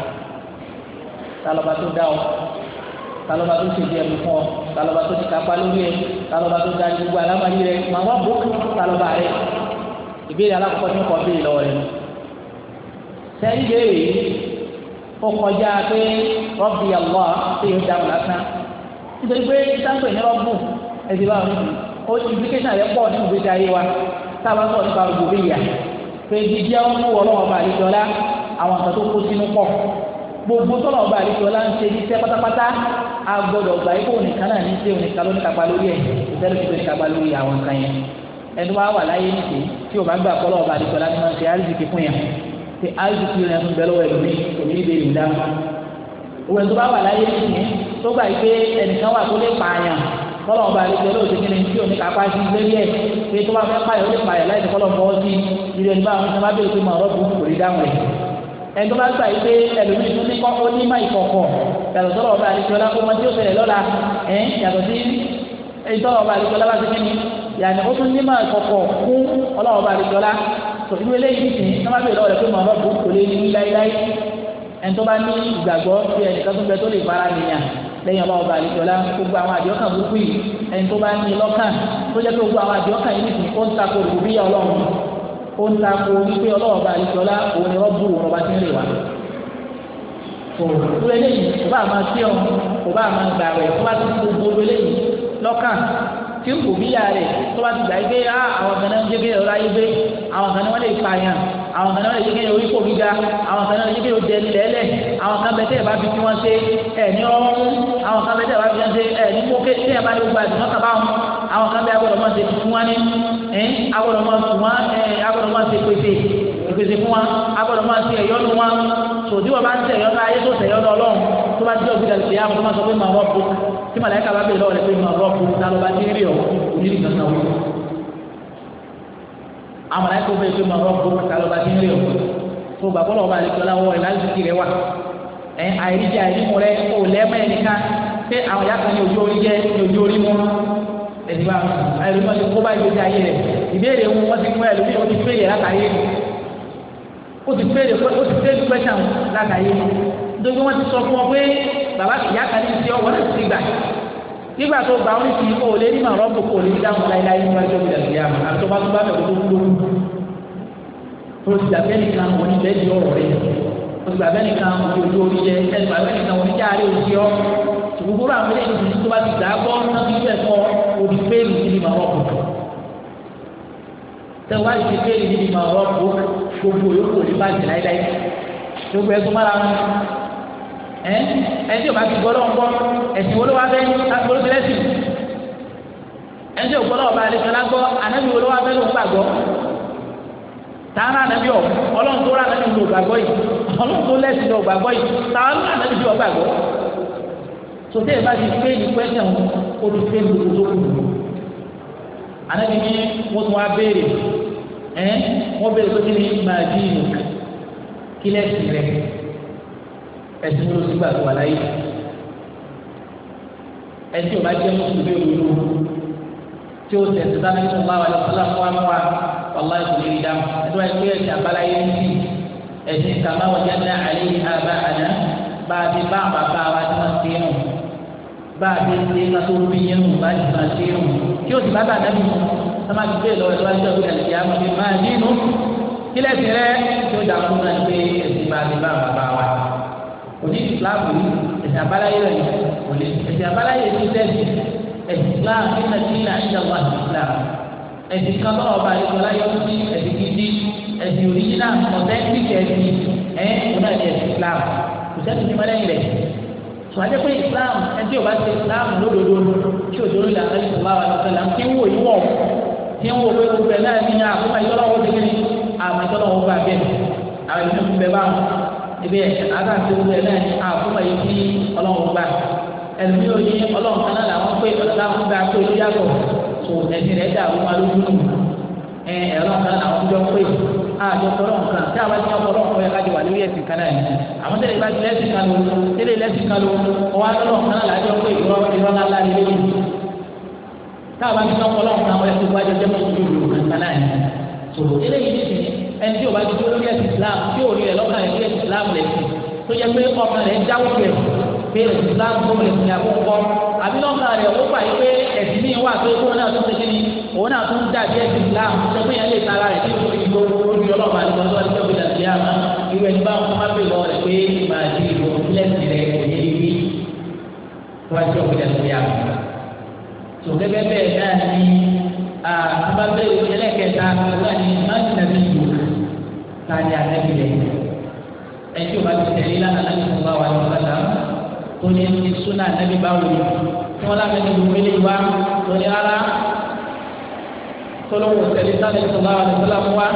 ta tó dá ọ ta lọ́ba tó ṣèjì ẹ̀mí fún ọ ta tó ti kápá lórí ẹ tó gbogbo alámàlí rẹ man ìbéèrè rẹ̀ ó kọjá pé rọ́bì lásán nítorí ẹ̀sìn bá wọn ó implication rẹ̀ pọ̀ nínú ìgbésí ayé wa sábà sọ̀rọ̀ nípa gbogbo ìyà pé jíjẹ́ ń mú ọlọ́wọ́ bá àlejò ọlá àwọn àtàtó kó sínú pọ̀ gbogbo tọ́lọ̀ ọba àlejò ọlá ń ṣe ní iṣẹ́ pátápátá a gbọ́dọ̀ gbà yípo nìkan náà ní ṣe ònìkan lónìí kápá lórí ẹ̀ ìtẹ́lẹ̀ tó fẹ́ kápá lórí àwọn kan yẹn ẹni wàá wà láyé nìké tí o bá gbà kọ́lọ̀ ọba àlejò ọlá ní ṣe àríṣìkì fún yẹn ṣe àríṣìkì rẹ̀ ń bẹ lọ́wọ́ òní ìbè ìdáhùn òwe tó bá wà láyé nìké tó gbà yí pé ẹnìkan wà tó lè pààyàn kọ́lọ̀ ọba àlejò olóòtú kí ni tí omi kápá sí lórí ẹ̀ pé tó bá fẹ́ pààyàn ó lè pààyàn láì kọ́lọ̀ bọ́ sí ìlú ẹni báwọn tó bá bẹ̀rẹ̀ pé màá rọ́ọ̀bù kò rí dáhùn ẹ̀. ẹni tó bá gbà yí pé ẹlòmíì tó ní kọ́ ní má ìkọ̀kọ̀ yàtọ̀ sọ́lọ̀ ọba àlejò ọlá kó mọ tí ó fẹ̀rẹ̀ lọ́la ẹ̀ yàtọ̀ sí ìtọ́lọ̀ ọba àlejò bá ti kí ni yàtọ̀ ó tún ní má ìkọ̀kọ̀ fún ọlọ́wọ́ ọba àlejò ọlá tó inú eléyìí sì ní wọ́n bèèrè lọ́wọ́ rẹ̀ pé màá rọ́ọ̀bù kò lè ní láíláí ẹni tó bá ní ìgbàgbọ́ sí ẹnìkan tó ń tó lè fara nìyàn lẹ́yìn ọlọ́wọ́ bá àlejòlá gbogbo àwọn àdìọ́kàn burúkú yìí ẹni tó bá ní lọ́kàn tó jẹ́ pé gbogbo àwọn àdìọ́kàn yìí nìkan ó ń takò rúbíyà ọlọ́run ó ń takò wípé ọlọ́wọ́ bá àlejòlá òun ni wọ́n bú òun ọba tí ń lè wá. òwúrọ̀ eléyìí kò bá máa sí ọ̀hún kò bá máa gbà rẹ̀ kó bá ti gbogbo eléyìí lọ́kàn tí rúbíyà rẹ̀ tó bá ti gbà yí pé àwọn kan náà ń jẹ́gẹ́ pé àwọn àwọn kan bẹ tẹ́ ẹ̀ bá fi tí wọ́n ṣe ẹ̀ ní ọ̀hún àwọn kan bẹ tẹ́ ẹ̀ bá fi tí wọ́n ṣe ẹ̀ ní mókè tẹ́ ẹ̀ bá ní gbogbo àdìmọ́ kaba wọn àwọn kan bẹ agbọ́dọ̀ máa ṣe fún wọn ní ẹ̀ agbọ́dọ̀ máa fún wọn ẹ̀ agbọ́dọ̀ máa ṣe pèsè ìpèsè fún wọn agbọ́dọ̀ máa ṣe ẹ̀yọ́nu wọn tòdí wọn bá ń tẹ̀ ẹ̀yọ́nu ayé tó tẹ̀ ẹ̀yọ́nu ọlọ́run tó bá jẹ́ òbí dàgbé yá wọn sọ pé màá rọ́ọ̀bù tí màláìka bá bèèrè lọ́wọ́ ẹ àìríjẹ àìrímu rẹ kò lẹ́mọ̀ ẹnìkan pé àwọn ìyá kan ní ojú orí jẹ ní ojú orí mu ẹni bá ẹlòmíì wọn ti kó báyìí lójú ayé rẹ ìbéèrè wọn wọn ti mú ẹlòmíì wọn ti péye látàyè ó ti péye ó ti péye pẹ́sàn látàyè nítorí wọn ti sọ fún ọ pé bàbá ìyá kan ní ti ọwọ́ náà ti gbà nígbà tó gba wọn ti kó o lé ní màrọ́bù kó o lè dáhùn láéláé ní wájú ìdàgbé yà máa àti tó bá tó wọn ti bẹ́ẹ̀ di oṣù abẹ́nìkan ojú orí jẹ ẹnu abẹ́nìkan oníjàre òsì ọ gbogbo àwọn ilé ìdìbò tó bá ti dà gbọ́ lọ́dún yóò ẹ̀kọ́ òdì péèlì níbi màá rọ́pò tẹ̀wáyé ti péèlì níbi màá rọ́pò gbogbo yòókù ní báyìí láíláí gbogbo ẹ̀ tó mára wọn ẹ ẹ tí o bá ti gbọ́ lọ́wọ́ gbọ́ ẹ̀sìn wo ló wá bẹ́ẹ̀ ló ti lẹ́sìn ẹ tí o gbọ́ lọ́wọ́ bá a lè fẹ́ lágbọ́ ànábì wo ló wá bẹ́ẹ̀ ló tààrà ànábì ọ̀ ọlọ́run tó rà ànábì tó gbàgbọ́ yìí ọlọ́run tó lẹ́sìn tó gbàgbọ́ yìí tààrà ànábì tó gbàgbọ́. sọtẹ́ ìbá ti fẹ́ ní pẹ́sẹ̀n ó ti fẹ́ ní gbogbo tó kù. ànábì ní wọ́n tún wá béèrè ẹ́ wọ́n béèrè pé kí ni máa bí ìlú kí lẹ́sìn rẹ̀ ẹ̀sìn ló ti gbàgbọ́ àlàyé ẹ̀sìn ò bá jẹ́ mọ́tò tí ó tẹ̀sí sáà nínú báwa lọ sílá fún wa wàlá ìkùnrin rí dáhùn ẹni wáyé pé ẹ̀sìn àbáláyé ń bì ẹ̀sìn kàmá wọ̀jẹ̀ ní àlẹ́ yìí àbá àná bá a bí bá àwọn bàbá wa ti máa ṣe é bá a bí ṣe ká tó bí yẹn nù bá a ti máa ṣe é kí o sì bá bàtà mi mú sọ́mà ti gbé lọ́wọ́ ẹ̀sọ́ àti ọ̀gbìn àti àmọ́ mi máa Islam nínú ìlànà ìjọba Islam ẹ̀sìn kan bá ọba àdìgbòlá yọ sí ẹ̀sìn gidi ẹ̀sìn òrìjìnà authentic ẹ̀sìn ẹ̀ ọ̀nà ẹ̀sìn Islam kò sẹ́sìn ní mọ́lẹ́yìn rẹ̀ sọ̀rọ̀ pé Islam ẹtí ọba ṣe Islam lódodo tí o dórí la ẹni sọ̀rọ̀ àwọn ọ̀sẹ̀ làm tí ń wò yíwọ̀ tí ń wò pé gbogbo ẹ̀ náà ní àkókò ìtọ́lọ́wọ́ ti kiri àmọ́ ìtọ́lọ́wọ́ bá bẹ́ẹ̀ àwọn ìlú bẹ́ẹ̀ bá wọn ibi ẹ̀ ẹlòmíì ò ní ọlọ́run kan náà làwọn pé ọ̀dọ̀ táwọn gba pé ó yàgò tó ẹni rẹ̀ dà wọ́n máa lójú nù ẹ ọlọ́run kan náà àwọn jọ pé àjọ ọlọ́run kan tí àwọn ẹni ọlọ́run kan yẹ ká jẹ wà lórí ẹ̀sìn kan náà yìí àwọn tẹ̀lé bá lẹ́sìn kan lò tẹ̀lé lẹ́sìn kan lò ọwọ́ ọlọ́run kan náà làjọ pé ìrọ̀ ìrọ̀ náà lá táwọn akíkan o bá ti dúró lórí ẹ̀sìn Islam tí o rí rẹ̀ lọ́kàn rẹ̀ pé islam tó lè fi àbò kọ́ àbí lọ́kàn rẹ̀ ó gbà yí pé ẹ̀sìn mi wà pé kó náà tún ṣe kí ni òun náà tún dàbí ẹ̀sìn islam tó pé yẹn lè ta ara rẹ̀ tí ó fi gbogbo olórí ọlọ́pàá àti ọjọ́ àti ọjọ́ ìdàgbé àmà irú ẹni bá wọn má pè lọ rẹ̀ pé màá di ìbò lẹ́sìn rẹ̀ kò yẹ ibi tó wá sí ọjọ́ ìdàgbé àmà. tó gẹ́gẹ́ bẹ́ẹ̀ náà ni àbábẹ́ ìṣẹ̀lẹ̀kẹta ọ̀gá ni má ẹtí o bá ti tẹ̀lé lánàá láti fún wa wà ní ọ̀gá tó ní ní súnà nàbí báwo ni tí wọn lábẹ́ ní gbogbo ilé wa tó ní rárá tọ́lọ́wọ́ tẹ̀lé sáré sọ̀rọ̀ àwọn àdìsọ́lá fún wa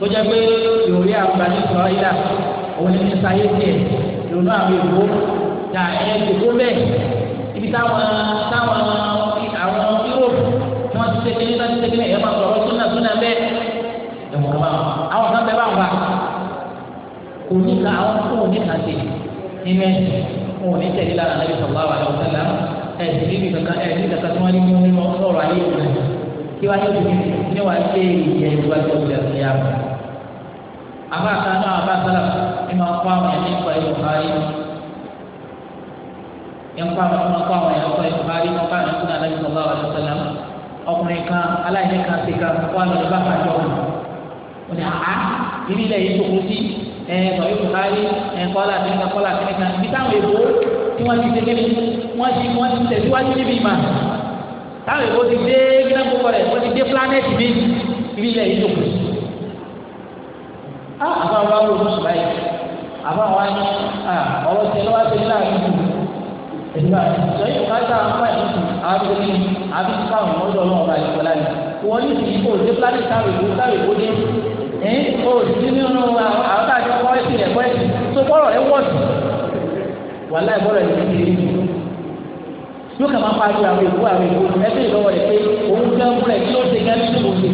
tó jẹ́ pé ìròyìn àǹfààní sọ̀rọ̀ yìí dà òun ní ní sáyé tiẹ̀ ìrònú àwọn èèwò dà ẹ̀ dòkó bẹ́ẹ̀ ibi táwọn táwọn àwọn yúròpù wọn ti tẹ́kẹ́ ní láti tẹ́kẹ́ ní ẹ̀ máa sọ̀rọ̀ súnà súnà bẹ́ẹ̀ ẹ̀wọ̀n àwọn kan bẹ́ẹ̀ bá wà kò ní ká àwọn kò ní ká tẹ̀ nínú ẹ̀sìn wọn ò ní tẹ̀lé lára nàbí sallallahu alaihi wasallam ẹ̀sìn níbi kankan ẹ̀sìn kankan tí wọ́n ní mú nínú ọ̀rọ̀ ayé òun náà kí wọ́n á yóò fi ní wàá lé ìyẹn ìwájú ọ̀gbìn àti ìyá rẹ̀. àbáàká náà àbáàkálà ni máa kọ́ àwọn ẹ̀mí nípa ìlú kárí yẹn kọ́ àwọn ẹ̀mí kọ́ àwọn ẹ̀mí nípa ìlú kárí wọn bá àwọn ẹ̀mí ẹ sọ̀rọ̀ buhari ẹ kọ́lá kìnìkan kọ́lá kìnìkan ibi táwọn èbó tí wọ́n ti ṣe kébi wọ́n ti wọ́n ti tẹ̀síwájú níbi ìmọ̀ táwọn èbó ti dé gíná gbogbo rẹ̀ wọ́n ti dé planẹ́tì mi ibi ilẹ̀ yìí lòkù. a àbá wa wò lóṣù báyìí àbá wa ní ọ̀rọ̀ tẹ lọ́wọ́ tẹ nílá àbí ìgbà sọyìn bùkátà àwọn ẹ̀sìn àbí àbí káwọn ọ̀dọ́ ọlọ́run bá yẹ wọ́n ní ìdí kò dé táwọn èbó táwọn èbó dé ẹ̀ o sì nínú àwọn àti kọ́ ẹ̀sìn rẹ̀ kọ́ ẹ̀sìn tó kọ́rọ̀ rẹ̀ wọ̀ sí wàhálà ìbọ̀rọ̀ ẹ̀ ti di yóò kà máa pariwo àwọn èkó àwọn èkó ẹgbẹ́ ìlọ́wọ́ rẹ̀ pé òun gbẹ́ ń bẹ̀rẹ̀ kí ló ṣe gẹ́gẹ́ bí òun ṣe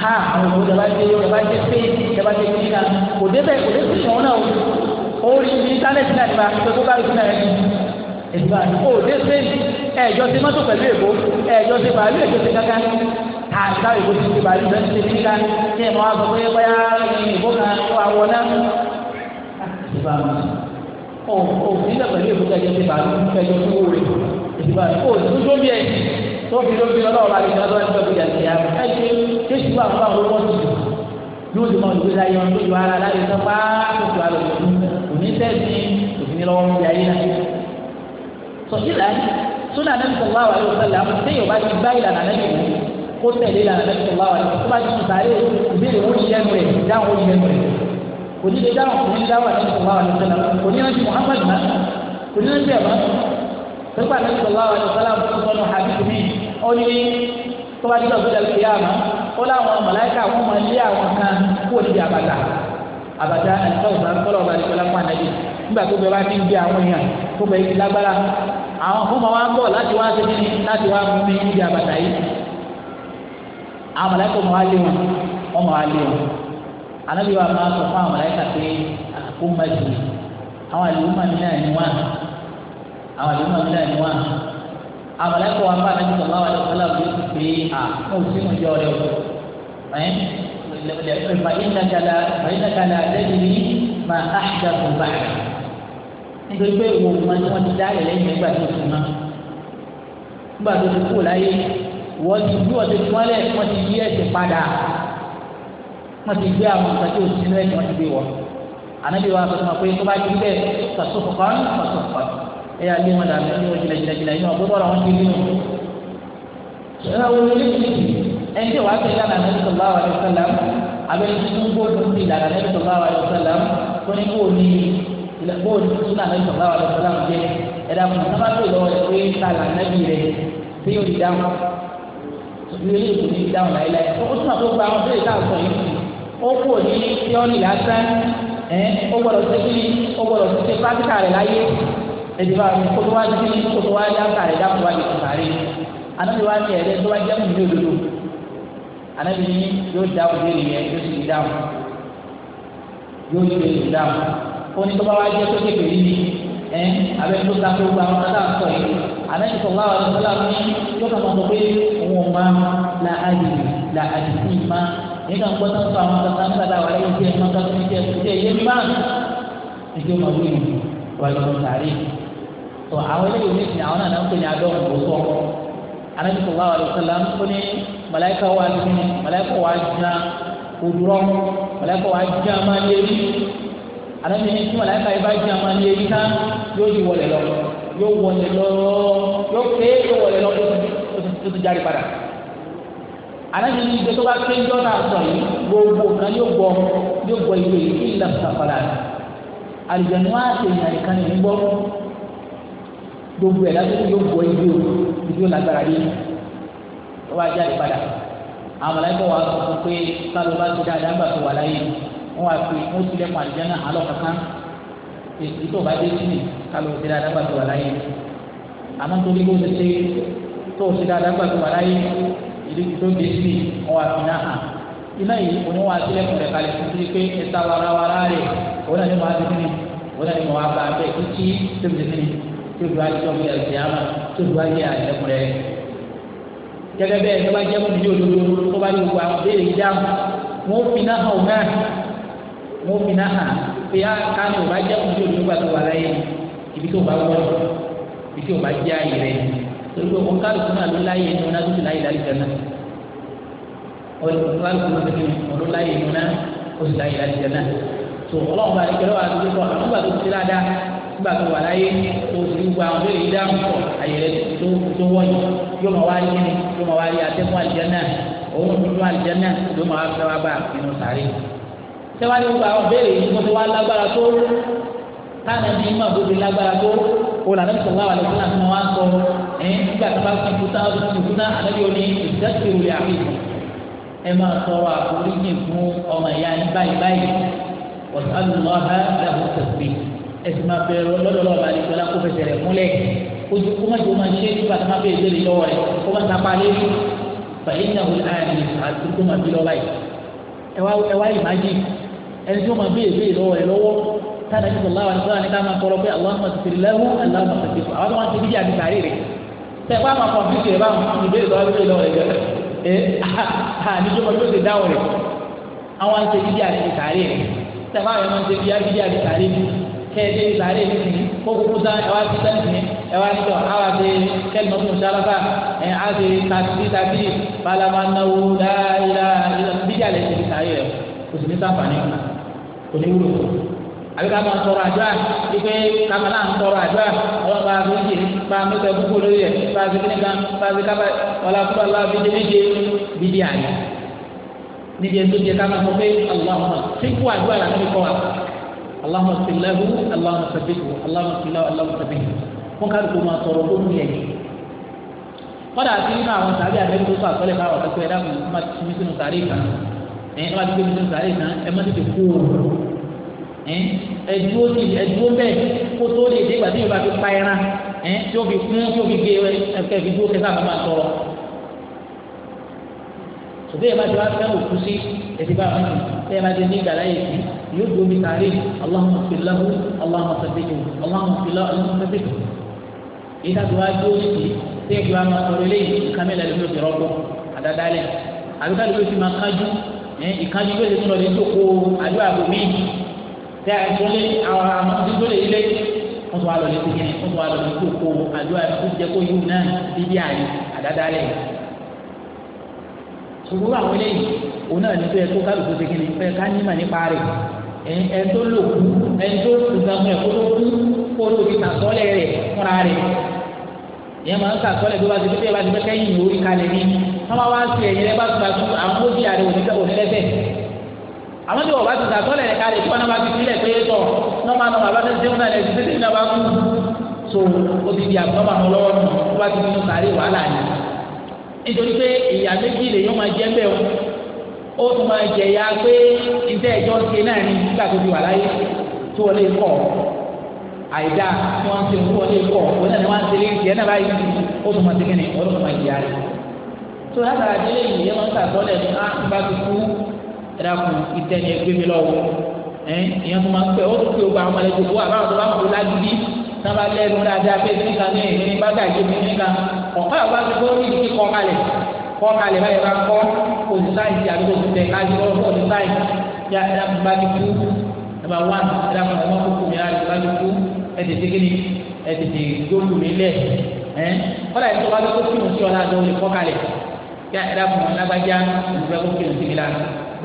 ha àwọn òun yàrá ṣe yàrá ṣe pé yàrá ṣe kí nà kò débẹ̀ kò dé sí ìwọ̀n náà o rí ní íńtánẹ́ẹ̀tì náà nípa pé kó bá rí fún ẹ̀rín ìgbà kò dé sí ẹ̀jọ́ sí mọ́tò pẹ̀lú èkó ẹ̀jọ́ sí màálù ẹ̀jọ́ sí kankan àtàwọn ìbò ti ti bàálù bẹ́ẹ̀ ti ti ká ní ẹ̀ máa sọ pé bóyá ìbò kan wà wọ náà. ìbá mi ò ò nílẹ̀ pẹ̀lú ìbò kẹjọ ti bàálù kẹjọ tó wò rè ìbá mi ò tó tó bí tó fi ló ọlọ́wọ́ bá ti tẹ́ lọ́wọ́ nípa ìgbà tí a ẹ ṣe kéṣù wà fún àwọn ọmọ tuntun ní o ti mọ ìgbésí ayé wọn tó ju ara láti sọ pé àtúntò àlọ́ òní tẹ́sí òfin lọ́wọ́ ń ayé náà sọ sí lànà sọ lànà wà wà lóṣèlú àmọ́ sẹ́yìn ò bá ti bá ìlànà náà kó tẹ̀lé ìlànà lẹ́yìn tó bá wà ní tó bá ti sùn sáré ìbéèrè wọn yìí lẹ́nu rẹ̀ dáhùn wọn yìí lẹ́nu rẹ̀ òdìdí dáhùn kò ní dáhùn àti tó bá wà ní tó lọ kò ní rántí Muhammad náà kò ní rántí ẹ̀ma pípa ní tó bá wà ní tó lọ kó sọnù hadith mi ó ní tó bá dídọ̀ gbọdọ̀ kí yáàmà ó láwọn màláìka wọn máa àwọn kan kó òdìdí àbàtà àbàtà àwọn fún ma wá ń bọ̀ láti wá sí ní láti wá mú mi níbi àbàtà yìí àwọn mọ̀lẹ́kọ̀ mọ̀ wá lé wọn wọ́n mọ̀ wá lé wọn anabi wa máa sọ fún àwọn mọ̀lẹ́kà pé àkókò máa jù àwọn àlùmọ̀ mi náà ni wọ́n àwọn àlùmọ̀ mi náà ni wọ́n àwọn mọ̀lẹ́kọ̀ wa bá anabi sọ̀rọ̀ àwọn àlùmọ̀ náà ló ti pè é à kó sínú ìjọ rẹ o ẹ̀ fàyínàkàlà àdẹ́bìrì máa àṣìjà tó bá rẹ̀ nítorí pé ìwòkùnmá tí ti dá ẹ̀ lẹ́yìn nígbà tó ti mọ́ nígbà tó láyé wọ́n ti bí wọ́n ti mọ́lẹ̀ wọ́n ti yí ẹ̀sìn padà wọ́n ti gbé àwọn nǹkan tí ò sí nínú ẹ̀sìn wọ́n ti gbé wọ́n anabi wa sọ pé tó bá ti bẹ́ẹ̀ sọ̀tún kan sọ̀tún kan ẹ yà lé wọn dàbí ní ojìlẹ̀ jìlẹ̀ jìlẹ̀ yìí ọgbọ́dọ̀ ọ̀rọ̀ wọn ti nínú. ṣọlá wo lórí kìlìkì ẹni tí wàá tẹ̀lé àná nàbí sọ̀lá wa lọ́sọ̀ làm abẹ́rẹ́ tí wọ́n gbóòdù ti ìlànà nàbí sọ̀lá wa lọ́sọ̀ làm tó ní kó ní gbóòdù tó nà nàbí wa lọ́sọ̀ làm jẹ́ ẹ̀dá fún un sábà tó lọ́wọ́ rẹ̀ pé ta là nàbí rẹ̀ yóò di dáhùn òbí ilé ìlú ní dáhùn láéláé ó tún àpò gba àwọn bẹ́ẹ̀ táwọn sọ yìí ó kú òní tíọ́nì lásán ẹ̀ ó gbọ́dọ̀ ṣe kí ni ó gbọ́dọ̀ ṣe pátìkà rẹ̀ láyé ẹ̀dùnmá mi kó tó wá sí ní kó tó wá yá kàrí dákú wá di kàrí anabi wá ní ẹ̀rẹ́ tó wá jẹ́ mi ní òdodo anabi ní yóò dáhùn lé nìyẹn yóò sì dáhùn yóò sì lè dáhùn ó ní tó bá wá jẹ́ tó kékeré ní ẹ̀ abẹ́ tó ta tó gba wọn ká sọ yìí anabi sọlá wa sọlá mi yóò kà máa sọ pé òun ma la ayi la ayi sí i ma nígbà gbọ́ tó ń sọ àwọn kankan nígbà tá a wà lẹ́yìn tí ẹ máa ká sí ẹ sí ẹ yé ma ẹjọ́ ma wí ni wà lọ́wọ́ sàárè tó àwọn eléyìí omi sìn àwọn nàná ń pè ní adọ́rùn kò sọ anabi sọlá wa sọlá mi ó ní màláíkà wa yóò wọlé lọ yóò ké yóò wọlé lọ tó ti jáde padà anabi ní ìgbésẹ̀ wa pé ńjọ́ náà sọ yìí gbogbo kan yóò gbọ́ yóò gbọ́ ìwé yìí kí ìlà sàfàlà àlùjẹ̀nu wa ṣe ìyàn nìkan ní gbọ́ gbogbo ẹ̀ lábẹ́ yóò gbọ́ ìwé ìwé lágbára yìí wọ́n wá jáde padà àwọn ọ̀làyìnbó wa sọ pé sálọ bá ti dáadáa ń tó wà láyé wọ́n wá pé wọ́n tilẹ̀ pàdé náà alọ́ kankan èyí tó bá dé sí mi kálọ̀ sí dáadáa gbàtò wà láyé àmọ́ torí kó ṣe ṣe tó ṣe dáadáa gbàtò wà láyé ìdí tó dé sí mi ọwọ́ àfin náà hàn iná yìí òun wá sílẹ̀kùn rẹ̀ kalẹ̀ fún títí pé ẹ̀ta warawara rẹ̀ òun náà ni wọ́n á dé sí mi òun náà ni wọ́n á bá a bẹ́ẹ̀ títí tó dé sí mi tó dùn á jọ bí ẹ̀sìn àmà tó dùn á yẹ àjẹkùn rẹ̀ gẹ́gẹ́ bẹ́ẹ̀ tó bá jẹ́ mú bíi òdodo tó bá yẹ gbogbo béèrè yìí dáhùn fi náà hàn òun fi náà hàn pé á ah, kánì ò bá jẹ́ kó tí o nígbà tó wà láyé ibi tó bá wọ̀ ibi tó bá jẹ́ àyè rẹ̀ torí pé òun kálukú náà ló láyé inú náà tó ti láyé láyé jẹ́nà òun kálukú náà ti òun ló láyé inú náà ó ti láyé láyé jẹ́nà tó ọlọ́run bá nìkẹ́ lọ́wọ́ àti tó àwọn ìgbà tó ti dáadáa nígbà tó wà láyé tó gbogbo àwọn tó lè yí dáhùn pọ̀ àyè rẹ̀ tó wọ̀nyí yóò máa wá rí yóò máa wá sẹ́wáá ní gbogbo àwọn béèrè yìí mo ti wá lágbára tó káàná ní ìmọ̀ bó ti lágbára tó òun àná sọ̀rọ̀ àwọn àlejò náà fún wa sọ ẹ̀ nígbà tó bá fi kúta ó ti kúta àlejò ní ìdásí òwe àfihàn ẹ máa sọ̀rọ̀ àforíjì fún ọmọ ìyá yín báyìí báyìí wàsálùmọ́ha lẹ́hùn tẹ̀sí ẹ sì máa bẹ̀rẹ̀ lọ́dọọlọ́ọ̀bà ní ìjọba kó fẹsẹ̀ rẹ̀ múlẹ̀ ojú kó má jò máa ṣe nígbà tó má bẹ̀rẹ̀ lé lọ́wọ́ rẹ̀ kó má tapa lé fàyín náà wọlé àyàn ní àtúntò má bí lọ́wọ́ báyìí ẹ wá ìmájì ẹni tí ó máa béèrè béèrè lọ́wọ́ ẹ lọ́wọ́ táwọn ẹni sọ̀rọ̀ àwọn ìṣọ́ra ní ká máa tọrọ pé Allahumma tètè lẹ́wọ́ Allahumma tètè fún àwọn tó máa ń tẹ̀lé àti sàárè rẹ̀ tẹ̀ wá máa kọ̀ọ̀fì kiri báwọn àwọn ìbéèrè lọ́wọ́ béèrè lọ́wọ́ rẹ̀ ẹ̀ ha níjọ́ máa yóò ṣe dáwọ̀ rẹ̀ àwọn ń tẹ̀lé àti sàárè rẹ̀ tẹ̀ wá máa ń tẹ̀lé àti sàárè rẹ̀ kẹ́ẹ̀dé sàárè rẹ̀ sì kó kúkú sá ẹ wá sí sẹ́ǹtì kò ní wúlò àbí ká máa tọrọ àdúrà wípé káma náà ń tọrọ àdúrà ọlọ́run bá fi jì bá mẹ́ta gbogbo lórí ẹ̀ bá fi kíni kan bá fi kábà ọ̀la fún ọ̀la bídé méje bídé àyè níbi ẹni tó jẹ káma sọ pé aláhùnmá sínkú àdúrà làwọn fi kọ́ wa aláhùnmá sílẹ̀hu aláhùnmá sàbẹ̀kù aláhùnmá sílẹ̀hu aláhùnmá sàbẹ̀kù fún kálukú máa tọrọ lómi ẹ̀ kọ́dà sí nínú àwọn sàbẹ̀ àbẹ̀kù tó ẹdúró ti ẹdúró bẹ́ẹ̀ kó tó lè dé ìgbà tí yorùbá fi pa ẹran tí ó fi kún tí ó fi gé ẹkẹ fi dúró kẹsàn-án máa tọrọ òbí yẹn bá ti wá òkú sí ẹtì bá wọn bẹ́ẹ̀ bá ti ní ìgbàlá yìí sí yóò dúró bí sàárè Allahumma fi lahu Allahumma sàbẹ̀jọ Allahumma fi lahu Allahumma sàbẹ̀jọ èyí tá a ti wá dúró sí tí ẹ gbà máa sọ̀rọ̀ eléyìí kámẹ́lá ló ló ti rọ́pò àdádálẹ̀ àbíkálẹ̀ ló ti tẹ àìsọlé àwọn àmọ́tòlè ilé wọ́n tún wá lọ létí yẹn wọ́n tún wá lọ létí òkò àdúrà tó jẹ́ kó yíwù náà bíbí àyè àdádálẹ̀ ṣùgbọ́n àwọn eléyìí òun náà ní tó yẹ kó kálukú ṣe kí ni fẹ́ ká nímọ̀ nípa rẹ̀ ẹ̀ tó lò kú ẹ̀ tó gbàgbọ́ ẹ̀ kó tó kú kó tó fi sàtọ́lẹ̀ rẹ̀ fúnra rẹ̀ ìyẹn máa ń sàtọ́lẹ̀ tó bá ti pépé bá ti pé kẹ́yìn lórí kalẹ̀ ní wọ́n máa ẹ̀yìn àmọ́ tí wọ́n bá ti sàtọ́lẹ̀ ẹ̀ka lè tọ́ náà bá ti sílẹ̀ pé tọ̀ náà máa nọ bàbá tó ń sẹ́wọ́n náà lè ti tètè náà bá kú so ó ti di àgbọ̀n máa lọ́wọ́ nù tó bá ti nínú sàárè wàhálà ni nítorí pé ìyá méjì lè yọ máa jẹ́ bẹ́ẹ̀ o ó tún máa jẹ ya pé iṣẹ́ ẹjọ́ ṣe náà ní nígbà tó ti wà láyé tó wọlé kọ̀ àìdá tí wọ́n ń ṣe fún wọlé kọ̀ òun náà ni wọ́n ń ṣe léyìn náà báyìí ó tún máa ṣe kí ó tún máa jẹ ya rẹ̀ tó látara délé ìyẹn máa ń sàtọ́lẹ̀ ní ah, á bá ti kú ẹ̀dàkùn ìtẹ́ni ẹgbẹ́ mi lọ́wọ́ ẹ̀ ìyẹn tó máa ń pẹ́ ó tó fi ó gba àwọn ọmọlẹ́jọ owó àbáwọn tó bá kó lágídí sábà lẹ́nu dáadáa pé ní kan ní ìní bága ìdí mi ní kan ọ̀pá àgbà tó kó ní kí kọ́ kalẹ̀ kọ́ kalẹ̀ báyìí bá kọ́ òṣìṣáì ti àdúgbò tó tẹ̀ káàdì lọ́wọ́ òṣìṣáì ya ẹ̀dàkùn bá ti kú ẹ̀bà wà ẹ̀dàkùn ẹ̀mọ́ kókó mi láti bá ti kú ẹ̀tẹ̀tẹ̀ kí ni ẹ̀tẹ̀tẹ̀ gbólù mi lẹ̀ ẹ̀ kọ́lá yìí tó bá tó kó kí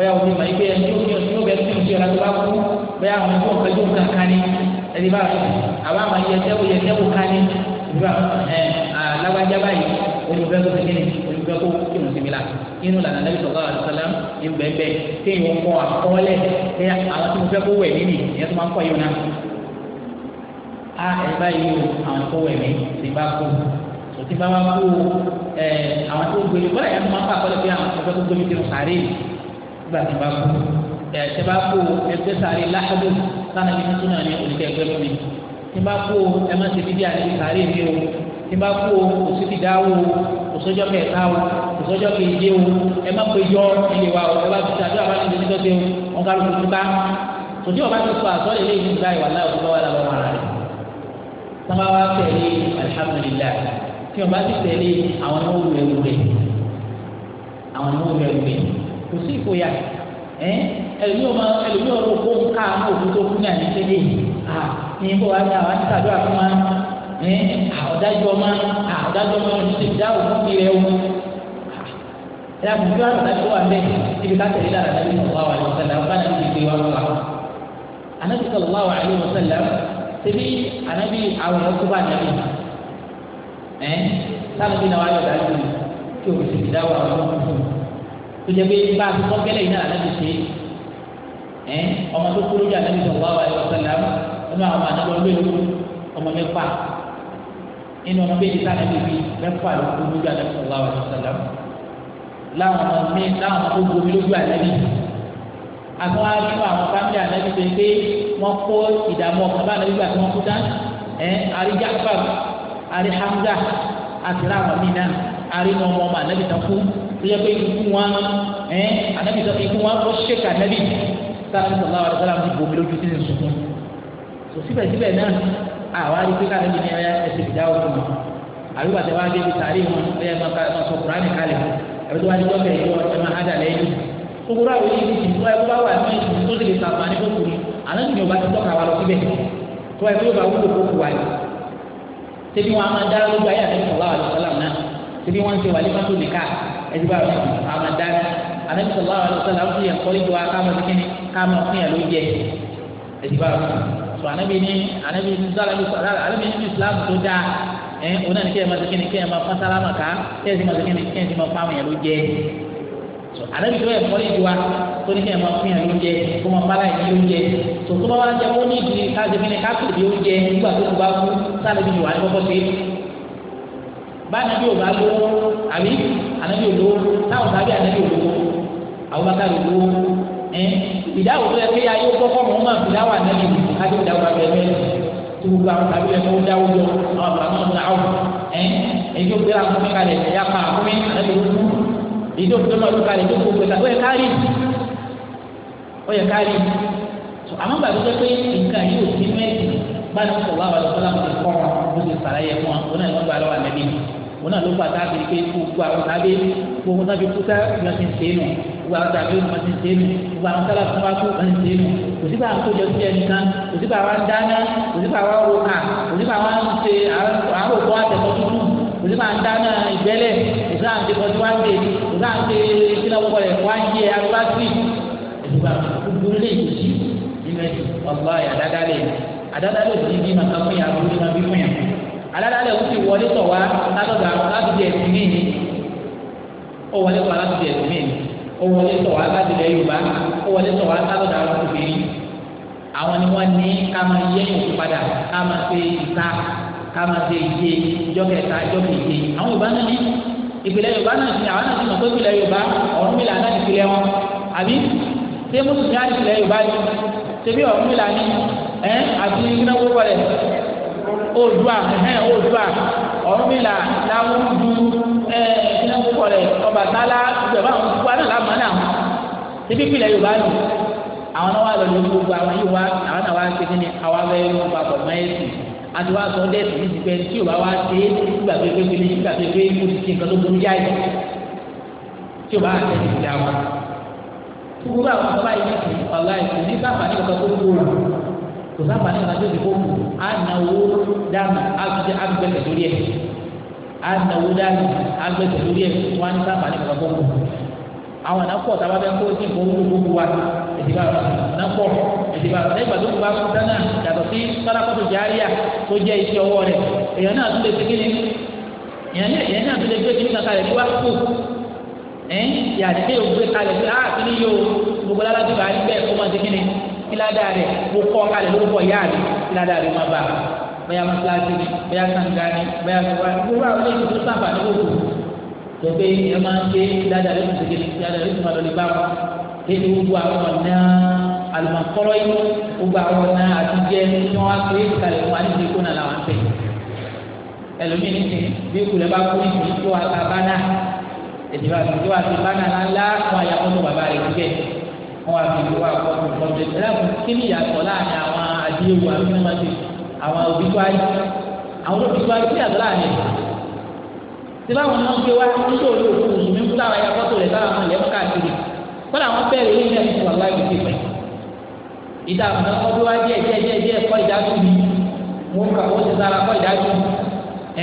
bóyá òní ma ike ẹni yóò yóò bẹ tí o ti ọ̀la tó bá kú bóyá àwọn ẹni tó ń pẹ́jọ́ nǹkan kan ní ẹni bá àbá ma yẹ ẹsẹ́ kó yẹ ẹsẹ́ kó kan ní ìgbà ẹ alágbájá báyìí olùfẹ́ tó ti kíni olùfẹ́ kó kí n sinmi la inú lànà nàbí sọ̀rọ̀ àlùsálà ń bẹ́ẹ̀ bẹ́ẹ̀ kí n kọ́ àkọọ́lẹ̀ ẹ àwọn tó ń fẹ́ kó wẹ̀ mí nì ìyẹn tó máa ń kọ́ yìí náà a ẹ báyìí o àwọn tó wẹ̀ mí ti bá kú òtí bá wá kú ẹ àwọn tó gbélé bọ́lá yẹn máa ń fà kọ́lẹ̀ pé àwọn tó fẹ́ kó gbélé ti rùn sàárè nígbà tí bá kú ẹ tí bá kú ẹgbẹ́ sáré láhàbù sáré ní túnú àní olùkẹ́ ẹgbẹ́ fún mi tí bá kú ẹ má ṣe bíbí àti sáré mi o tí bá kú oṣù ti dá o òṣòjọ́ kẹta o òṣòjọ́ kejì o ẹ má péjọ ilé wa o ẹ bá fi sàdúrà bá ti di nítorí o wọn kálukú ti bá tòjú ọba ti sọ àsọlẹ̀ lẹ́yìn nígbà ìwà náà òṣùpá wà láwọn ara rẹ̀ sábà wá tẹ̀lé alihamudulilayi tí ọba ti tẹ̀lé àwọn ọmọ òwúrẹ̀ òwúrẹ̀ àwọn ọmọ òwúrẹ̀ òwúrẹ̀ kò sí ìfòyà ẹ ẹlòmíì ọmọ ẹlòmíì ọmọ òkú ká àwọn òkú tó kú ní àyíké dé à ní bó wa ní àwọn àtàdó àfúnmá ẹ àwọdájú ọmọ àwọdájú ọmọ ní ti dá òkú ti rẹ o ẹ dàgbù bí wọn àtàdó wà bẹ ibi ká tẹ̀lé lára nàbí sọlá wà lọsẹ náà bá nàbí gbé wa wà anabi sọlá wà lọsẹ náà tẹbi anabi àwọn ọkọ bá nàbí ẹ sábà bí náà wà lọ dájú kí o sì dáwọ tó jẹ́ pé bá a ti sọ gẹ́lẹ́ yìí náà láti ṣe di ọmọ tó kúrò jẹ́ àtẹ́bí sọ̀rọ̀ wá wáyé ọ̀sẹ̀ làwọn nínú àwọn àdàbọ̀ lóyún ọmọ mẹ́fà nínú ọmọ bẹ́ẹ̀ ti sáré bíbí mẹ́fà ló kúrò jẹ́ àtẹ́bí sọ̀rọ̀ wá wáyé ọ̀sẹ̀ làwọn láwọn ọmọ mi láwọn ọmọ gbogbo mi lójú àtẹ́bí àtọ́ àdúgbò àwọn fámìlì àtẹ́bí pé pé wọ́n kó ìdààmú ọkàn bá àtẹ́bí gbà tí wọ́n kú dá ẹ àrí jáfà àrí hamza àti láwọn mí náà àrí ní ọmọ tó yẹ pé ikú wa ẹ anabi sọ ikú wa ó ṣe kànábì sáfì sọlá wa sọlá ti bomi lójú sí nsukun tó síbẹ̀síbẹ̀ náà àwa rí pé kànábì ni ẹ ẹsẹ̀ ìdá òkun àbí bàtà wa dé ibi sàárè wọn ẹ ẹ máa sọ kùránì kalẹ̀ àbí tó wá dé dọ́kẹ̀ yìí wọn ẹ máa hádà lẹ́yìn gbogbo àwọn èyí ti tó ẹ bá wà ní ìlú tó lè sàmà ní gbogbo ni àná ìyẹn ọba ti tọ́ka wa lọ síbẹ̀ tó ẹ bí ó bá wúlò kókó wa yìí tẹbi wọn a máa dá lójú ayé àti ìfọwọ́ àwọn ìfọwọ́ àwọn náà tẹbi wọn ń ṣe wàlẹ́ mọ́tò nìkan ẹtí bá wọn àmà dání anabi sọlá wa lọsọ la fún yẹn kọ́lé jọ wa káma ti kíni káma fún yẹn ló jẹ ẹtí bá wọn sọ anabi ní anabi ní sọlá ní sọlá anabi ní islam tó dáa ẹ òun náà ní kéèyàn máa ti kíni kéèyàn máa fásálà máa ká kéèyàn ti máa ti kíni kéèyàn ti máa fáwọn yẹn ló jẹ sọ anabi tó yẹ kọ́lé jọ wa tó ní kéèyàn máa fún yẹn ló jẹ kó máa fálà yẹn ló jẹ sọ tó bá wá jẹ kó ní ìdí káàdì kíni káàkiri ló jẹ nígbà tó bá anabi ò bá lówó àbí anabi ò lówó táwọn sábẹ́ anabi ò lówó àwọn bá káàdì lówó ẹ ìdáwó tó yẹ kí ayé kọ́kọ́ mọ̀ máa fi dáwọ́ o kájọ dáwọ́ abẹ́ mẹ́rin tí gbogbo àwọn sábẹ́ yẹn kó dáwọ́ lọ àwọn àbàmọ́ ọ̀nà àwọn ẹ ẹjọ́ gbé àwọn fúnmi kalẹ̀ ẹ̀yà pa àfúnmi anabi ò lówó ìjọ fúnmi ọdún kalẹ̀ tó gbogbo ẹ̀ka ó yẹ káàrí ó yẹ káàrí àmọ́ gbàgbọ́ pé nǹkan yóò ti mẹ́rin báyìí wọ́n sọ̀rọ̀ àwọn ọ̀dọ́ wọn náà ló fà tá a fi pé gbogbo àwọn sábẹ́ gbogbo náà fi kú sá wọn ti ń sè nù gbogbo àwọn sábẹ́ wọn ti ń sè nù gbogbo àwọn sábà fún wa kú wọn ti ń sè nù sí ẹni kan kò sí bá dáná kò sí bá roka kò sí bá àwọn ṣe àwọn tuntun kò sí dáná ìgbẹ́lẹ̀ kò sí àwọn tí wọ́n ṣe kò sí àwọn tẹ̀ kí lọ́wọ́ rẹ̀ wọ́n yẹ alubasi gbogbo alálàálẹ̀ ó ti wọlé tọ̀ wá látọ̀gbà láti di ẹ̀sìn mí ni ó wọlé tọ̀ wá láti di ẹ̀sìn mí ni ó wọlé tọ̀ wá láti di Yorùbá ó wọlé tọ̀ wá látọ̀gbà láti di àwọn ni wọ́n ní ká máa yẹ ìyókù padà ká máa ṣe ìta ká máa ṣe ìje ìjọ kẹta ìjọ kẹje àwọn Yorùbá náà ní ìpìlẹ̀ Yorùbá náà ti àwọn náà ti mọ̀ pé ìpìlẹ̀ Yorùbá ọ̀run mi là náà ìpìlẹ̀ wọn àbí ṣé mùsùlùmí á ìpìlẹ̀ Yorùbá ni ṣé bí ọ̀run mi là ní ẹ àti ìgbìnàwó kọlẹ̀ oòdùà ẹ̀ eh, oòdùà ọ̀rùnmìlà làwùjù ẹ̀ eh, ìnáwó rẹ̀ Ọbàtálá ìjọba àwọn ìfúwa náà làmọ́ náà ibi ìpìlẹ̀ Yorùbá nù àwọn náà wà lọ lórí gbogbo àwọn yìí wá àwọn náà wá ṣe kí ni mọ́ ẹ̀sìn àti wá sọ ní tí Yorùbá wá ṣe é nígbà pépé nígbà pépé nǹkan tó burú kò sábà ní ìlànà tó ti kó kù anáwó dáná agbẹ agbẹsẹ lórí ẹ anáwó dáná agbẹsẹ lórí ẹ wọn á ní sábà ní ìlànà tó kù àwọn anakọ tá a bá fẹ́ kó sí ìfowó gbogbo wa èdè bá anakọ èdè bá lẹ́yìn ìgbà tó kù bá kú dáná yàtọ̀ sí kọlákọtò járíà tó jẹ iṣẹ́ ọwọ́ rẹ̀ èèyàn náà tún lè ṣe kíni èèyàn náà tún lè gbé kíni kankan rẹ̀ bí wá kú ẹ yàtí pé òun gbé kalẹ̀ bí a kíni yóò gbogbo lálábí bá a ní bẹ́ẹ̀ kó máa ṣe kíni kíládà rẹ̀ mo kọ́ kalẹ̀ lórúkọ ìyá rẹ̀ kíládà rẹ̀ má bà bẹ́yà mọ́sálásí ni bẹ́yà kànga ni bẹ́yà gbogbo àwọn ọmọ ìlú tó sábà ní gbogbo tẹ̀pẹ́ ẹ máa ń gbé kíládà rẹ̀ tó tẹ̀lé kíládà rẹ̀ tó má lọ lè bá wọn léde gbogbo àwọn ọ̀nà àlùmọ̀kọ́rọ́ yìí gbogbo àwọn ọ̀nà àtijẹ́ tí wọ́n wá pé kalẹ̀ fún àdìsí kó nà làwọn fẹ́ ẹlòmíì ní bí kulẹ̀ bá kú ní sìn tó ká bánà ètò àti tó wà sí bánà ńlá wọn wá fi wá kọ́tù kọ́tù ẹ̀ láàbù kí ni ìyàtọ̀ láàrin àwọn àdéhùn àfihànmọ́tì àwọn òbí tó ayé àwọn òbí tó ayé kí ìyàtọ̀ láàrin síbá wọn náà gbé wá nígbà olú òkú mùsùlùmí fúlà wáyà kọ́tù rẹ̀ sára wọn lẹ́mú káàkiri kọ́lá wọn bẹ̀rẹ̀ ilé ìyá ìtura láàyè ti pẹ̀ ìdá àwọn ọdún wá díẹ̀ díẹ̀ díẹ̀ díẹ̀ kọ́ ìdájú mi wọn kà wọ́n ti sára kọ́ ìdájú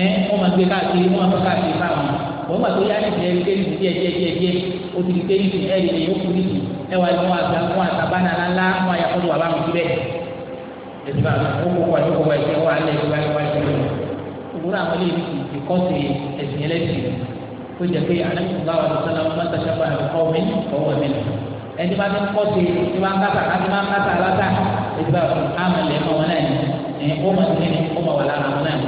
ẹ̀ wọ́n máa gbé káàkiri wọ́n máa káàkiri fáwọn wọn gbà tó yá ní ìdílé ẹ̀rí kéèké díẹ̀ díẹ̀ díẹ̀ díẹ̀ ó ti di kéèké ẹ̀rí ni yóò kú nídìí ẹ wà ní wọn àgbà wọn àtàbà nàlá ńlá wọn àyàkọ́dù wà bá wọn síbẹ̀ ẹsẹ̀ bá wọn kó wà ní kó wà ẹsẹ̀ wọn alẹ́ ìwà ìwà ìwà òwúrọ̀ àwọn ilé yìí ti kọ́ sí ẹ̀sìn ẹlẹ́sìn tó jẹ pé anamíkùnbá wà lọ́sọ̀ náà wọn tẹ̀sẹ̀ bá ẹ̀kọ́ mi ọwọ́ mi nù ẹni bá ti kọ́ sí ẹni bá ń kàtà láti máa ń kàtà látà ẹni bá àmọ̀ lẹ̀ ọmọ náà ni ẹ̀ ọmọ ti ní ọmọ wà lára ọmọ náà ni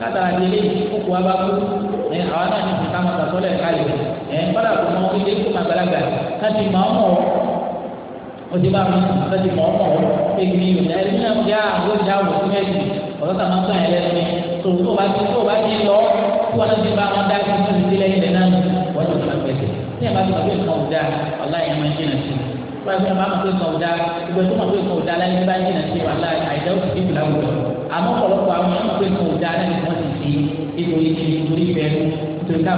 látara ti ilé yìí kókò wa bá kú ẹ àwọn náà ní ìfúnká máa tàkọ́lẹ̀ kálẹ̀ ẹ̀ ń bá mo ti bá mi ọ̀sẹ̀ ti mọ̀ ọ́ mọ̀ ọ́ èmi ò dá ẹni náà yá àwọn ìyá wò sí mẹ́sì ọ̀sẹ̀ tà máa gbà yẹn lẹ́nu mi tó tó bá ti tó bá ti lọ kí wọ́n ti bá wọn dá sí ní ti lẹ́yìn lẹ́nu náà wọ́n ti máa gbẹ̀sẹ̀ tí ẹ̀ bá ti bàbá ìkan ọ̀dà ọ̀la yẹn máa jìnà sí wọ́n ti máa bàbá ìkan ọ̀dà ìgbẹ́ tó máa bàbá ìkan ọ̀dà láyé bá jìnà sí wàhálà àìdá òsì ìlú làwùjọ àmọ́ ọ̀pọ̀lọpọ̀ àwọn máa bàbá ìkan ọ̀dà láyé wọ́n ti di ìgbòho ìdí ìgbòho ìfẹ́ tó ká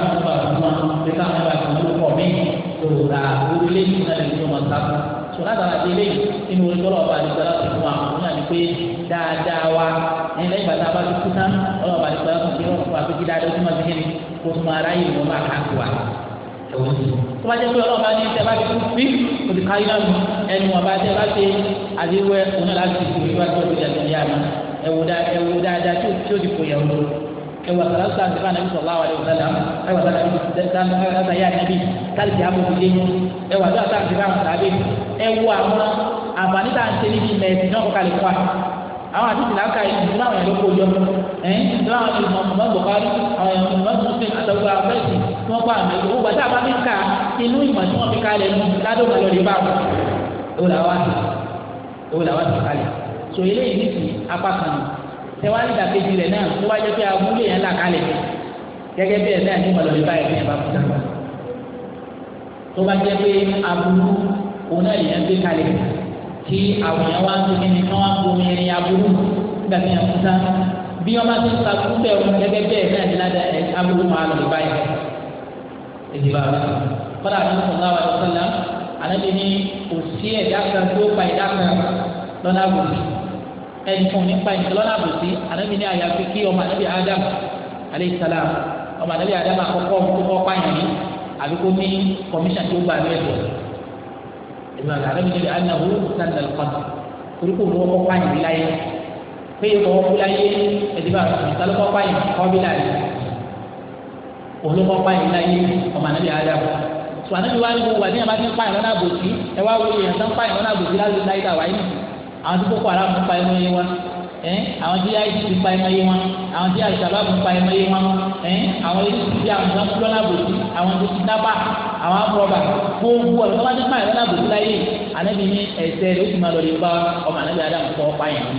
òòrà orílẹ̀ yìí náà lè ní ọmọ sábà tó látara di eléyìí nínú olùkọ́lọ́ ọba àdìgbàlá tó fún wa òun náà ni pé dáadáa wa ẹni lẹ́yìn bàtà bá ti kú tán ọlọ́ọ̀bà àdìgbàlá tó fi rọ̀ fún wa pé kí dáadáa tó máa fi kéde kó tó máa ráyè wọn máa kàkó wa ẹ̀wọ̀n tó. bá jẹ́ pé ọlọ́ọ̀bá ní ìtẹ́ bá ti kú sí kò ti káyọ̀ ẹnu ọba tẹ́ bá ti àdéhùn ẹ̀ òun láti kú ìwádìí ọ̀gbìn ẹwà sàlá sàn nípa nàbí sallallahu alaihi wasallam ẹwà sàlá sàn ẹwà yà nàbí sàlì tí a bò fìdí mu ẹwà sàlá sàn nípa àwọn sàbẹ ẹwà àwọn àǹfààní tá à ń ṣe níbi mẹsì náà kọ kalẹ̀ fún wa àwọn àti tìlá ka yìí nígbà wọn yẹn ló kó jọ ẹ nígbà wọn yẹn mọ mọ bọkari àwọn yẹn mọ muslim àtàwọn abẹ́sì tí wọ́n kọ́ àmì ìlú wọ́n gbàtà bá mi ka inú ìmọ̀ tí wọ́n fi kalẹ̀ nù ládò wọn lọ rí bá wọn. ewu làwọn ti ewu làwọn ti kalẹ̀ so eléyìí ní ti apá kan nù tẹwàá ìdàkejì rẹ̀ náà tó wájú pé abúlé yẹn là kalẹ̀ gẹ́gẹ́ bẹ́ẹ̀ náà ní ìmọ̀lẹ́ báyìí ní ìbá fún dàgbà tó bá jẹ́ pé aburú òun náà yẹn gbé kalẹ̀ tí àwọn yẹn wá ń tó kíni kí wọ́n á bomi ẹni aburú nígbà tí yẹn fún sá bí wọ́n bá ti ń ta kúkẹ́ òun gẹ́gẹ́ bẹ́ẹ̀ náà ní ládàá ẹ̀ aburú máa lọ báyìí ìdìbò àwọn kọ́dà àti sọ̀rọ̀ ẹni fún nípa ìtọ́lọ́nà àbòsí ànábì ní àyàfi kí ọmọ ànábì adam aleyhi salam ọmọ ànábì adam àkọ́kọ́ tó kọ́ pààyàn ní àbí kó ní kọmíṣà tó gbà ní ẹ̀dọ̀ ìgbà ànábì ní anahu sanda lukọ́n torí kò wọ́n pààyàn ní láyé pé ìwọ́n kú láyé ẹ̀dínwá ìtọ́lọ́kọ́ pààyàn kọ́ láyé olùkọ́ pààyàn láyé ọmọ ànábì adam sọ ànábì wá ní gbogbo àdéhùn àwọn tí Boko Haram pa ẹmọ yé wọn ẹ àwọn tí yáyí ti pa ẹmọ yé wọn àwọn tí àìsàbàbù pa ẹmọ yé wọn ẹ àwọn yìí ti fi àwọn tí lọ́nà bòtí àwọn tó ti dábà àwọn afọba gbogbo ọ̀dọ́ wọn ti pa ẹ̀rọ náà bòtí láyé anabi ní ẹsẹ̀ rẹ̀ ó ti máa lọ lè bá ọmọ anabi adamu kọ́ pa yẹn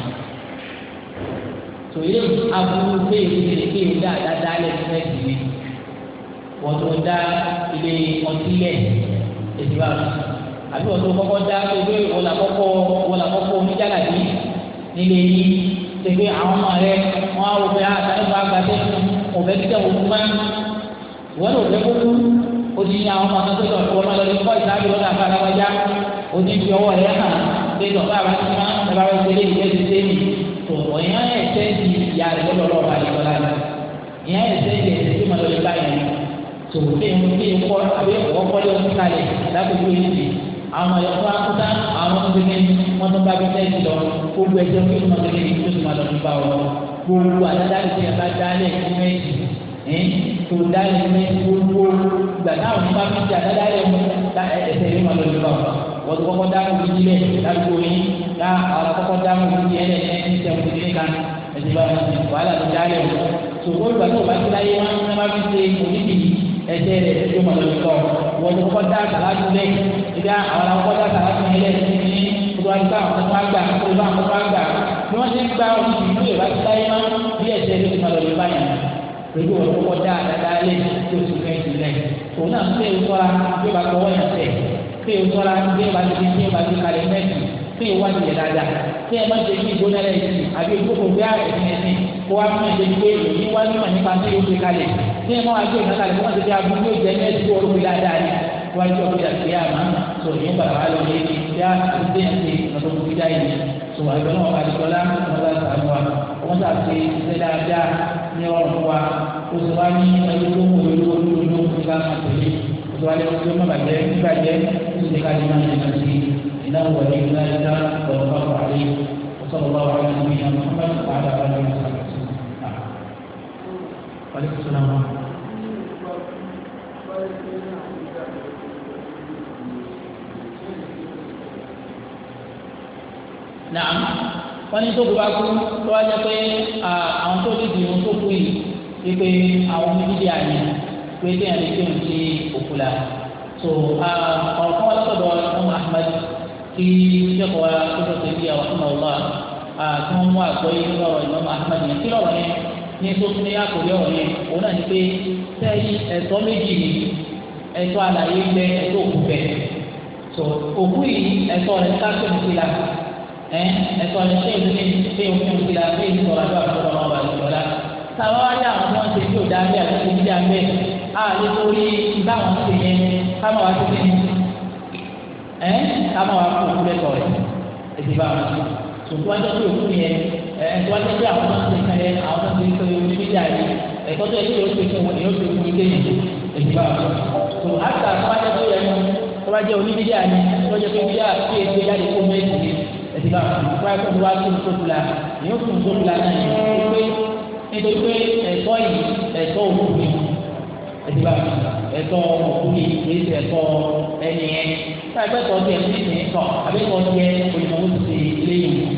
tò yẹ aburú bẹ́ẹ̀ kéde kéde dáadáa dálẹ̀ ní ẹ̀sìn mi wọ́n tó dá ilé ọtí lẹ̀ èdè wa àbí wọn tó kọ́kọ́ dá pépé wọn là kọ́kọ́ wọn là kọ́kọ́ oníjàlàbí nílé yìí pépé àwọn ọmọ rẹ wọn á wò pé àtàlùfà ah, àgbàdé wọn bẹ tẹ wọn fún wa wọn lò fẹ́ kókó o ti ní àwọn ọmọ kan tó tọ̀ wọn lọ lórí kọ́ ìsáájú lọ́dọ̀ àfa alágbájá o ti fi ọwọ́ rẹ hàn pé tọ̀pẹ́ àbá ti máa ń bá wọn gbélé ìgbé ti sẹ́yìn tó ọ̀yàn ẹ̀ sẹ́yìn ìyá rẹ lọ́dọ̀ lọ́ọ̀bà ìkọlá rẹ ìyá ẹ̀ sẹ́yìn ẹ̀ sẹ́yìn máa lọ lórí báyìí tòun kéwọn kéwọn kọ́ àbí ọ̀kọ́ kọ́lé ọ̀kúta àwọn àyọ̀kọ́ akúta àwọn tó wọn tó bá bí sẹ́yìn lọ gbogbo ẹjọ́ kí wọn gbẹgẹ ní tó tó máa bá wọn gbogbo àdádáàlì tí a bá dálẹ̀ ẹ̀kúmẹ́tì ẹ̀ tó dálẹ̀ ẹ̀kúmẹ́tì gbogbo gbàtà àwọn bá fi ti àdádáàlì ẹ̀sẹ̀ yìí máa lọ ní bá wọn wọ́n ti kọ́kọ́ dáhùn ní ilé ládùúgbò yìí ká àwọn kọ́kọ́ dáhùn ní ilé ẹni sẹ́wọ̀n ti ní kan ẹ̀jẹ̀ rẹ̀ ẹ̀jẹ̀ mọ̀ lórí kọ́ wọ́n ti kọ́ dá sàlátù lẹ̀ ìdá àwọn akọ́ dá sàlátù lẹ̀ ní gbogbo àgbà àwọn àgbà gbogbo àwọn àgbà ni wọ́n ti gba oṣù ìlú ìwà ti táyé má bí ẹ̀jẹ̀ rẹ̀ ti mọ̀ báyìí pẹ̀lú wọn kọ́ dá dáadáa lẹ̀ tí oṣù kẹ́sì lẹ̀ òun náà ń pè é sọ́ra bí ó bá gbọ́wọ́ yàn tẹ̀ pé o sọra bí o bá ti di o bá ti kalẹ̀ mẹ́tì pé o wá ti yẹ dáadáa pé ẹ má ṣe kí ìgbóná rẹ̀ yìí àbí o kókò bí ààrẹ ti yẹn ní o wá fún ẹ̀jẹ̀ pé èyí wá nímọ̀ nípa tí o ti kalẹ̀ ní ẹ̀ máa wá gbé ìgbàlá ìgbàlá tó ti abu yóò jẹ ní ẹ̀dúgbò ọ̀rùn mi dáadáa ni wọ́n á jọ bí àti àmà tó yẹn bàbá wa lọ yẹn bí a ti dé ẹ̀sìn ọ̀dọ́ tó fi dá yẹn tó wà gbẹ́ náà àdìgbọ́lá wọn bá sàánú wa wọn bá fi ṣe dáadáa ní ọ̀rùn wa ó sì wá ní ẹlẹ́gbẹ́ mú olówó olówó nígbà máa tẹ̀lé ó sì wá lé ọdún má bàjẹ́ nígbàjẹ́ ó sì ká ní máa yẹn náà sí ìdáhùn wọlé ìdáhùn ọ̀rọ̀ bá wà lé ọ̀sọ̀ aleykum salaam wa rahmatulah. naam wọ́n ní tóbi bá kú tó wá jẹ́ pé àwọn tó ti dì tó kú yìí wípé àwọn omi dídí àyè pé kéèyàn lè kéèyàn sí òkú la so ọ̀kan wọn lọ́sọ̀dọ̀ ọmọ ahmed kí ṣẹ́kọ̀ọ́ wa tó tó ṣe bí àwọn ọmọ ọlọ́wà tí wọ́n mú àgbọ̀ yìí lọ́rọ̀ ìmọ̀ ahmed yẹn kí lọ́rọ̀ yẹn ní tó tún ní àkòrí ọ̀rọ̀ yẹn òun náà ni pé sẹ́yìn ẹ̀tọ́ méjì ni ẹ̀tọ́ àlàyé bẹ ẹ̀tọ́ òkú bẹ tó òkú yìí ẹ̀tọ́ rẹ̀ ká pé òkú la ẹ̀tọ́ rẹ̀ pé òkú pé òkú la pé ìsọ̀rọ̀ àdó àbúrò ọmọ ọba ìsọ̀rọ̀ táwa wáyé àwọn tí wọ́n ti tó dáa bí àti tó dáa bẹ́ẹ̀ á lè torí báwọn ti yẹn káma wá tóbi ní káma wá kó òkú lẹ́tọ̀ọ̀ rẹ̀ èdè báwọn tó wájú pé òkú yẹn ẹ̀ẹ́dọ́ wájú pé àwọn náà ń sèkà yẹn àwọn náà ń sèkà yẹn ní mídíà yìí ẹ̀kọ́ tó yẹ kí yóò sèkà wọn yóò sèkà wọn kéyìn èyíká tó àtà tó wájú tó yẹ mọ tó wájú òní mídíà ni tó jẹ pé mídíà fi èdè jáde kó méjì ni èyíká tó wájú tó wájú tó fula yóò fún tó fula náà yìí nítorí pé ẹ̀tọ́ yìí ẹ̀tọ́ òkú ni èyíká ẹ̀tọ́ òkú ni kìí ṣe ẹ̀tọ́ ẹni yẹn táyà pẹ́ tọ́ tiẹ̀ ní ìsìn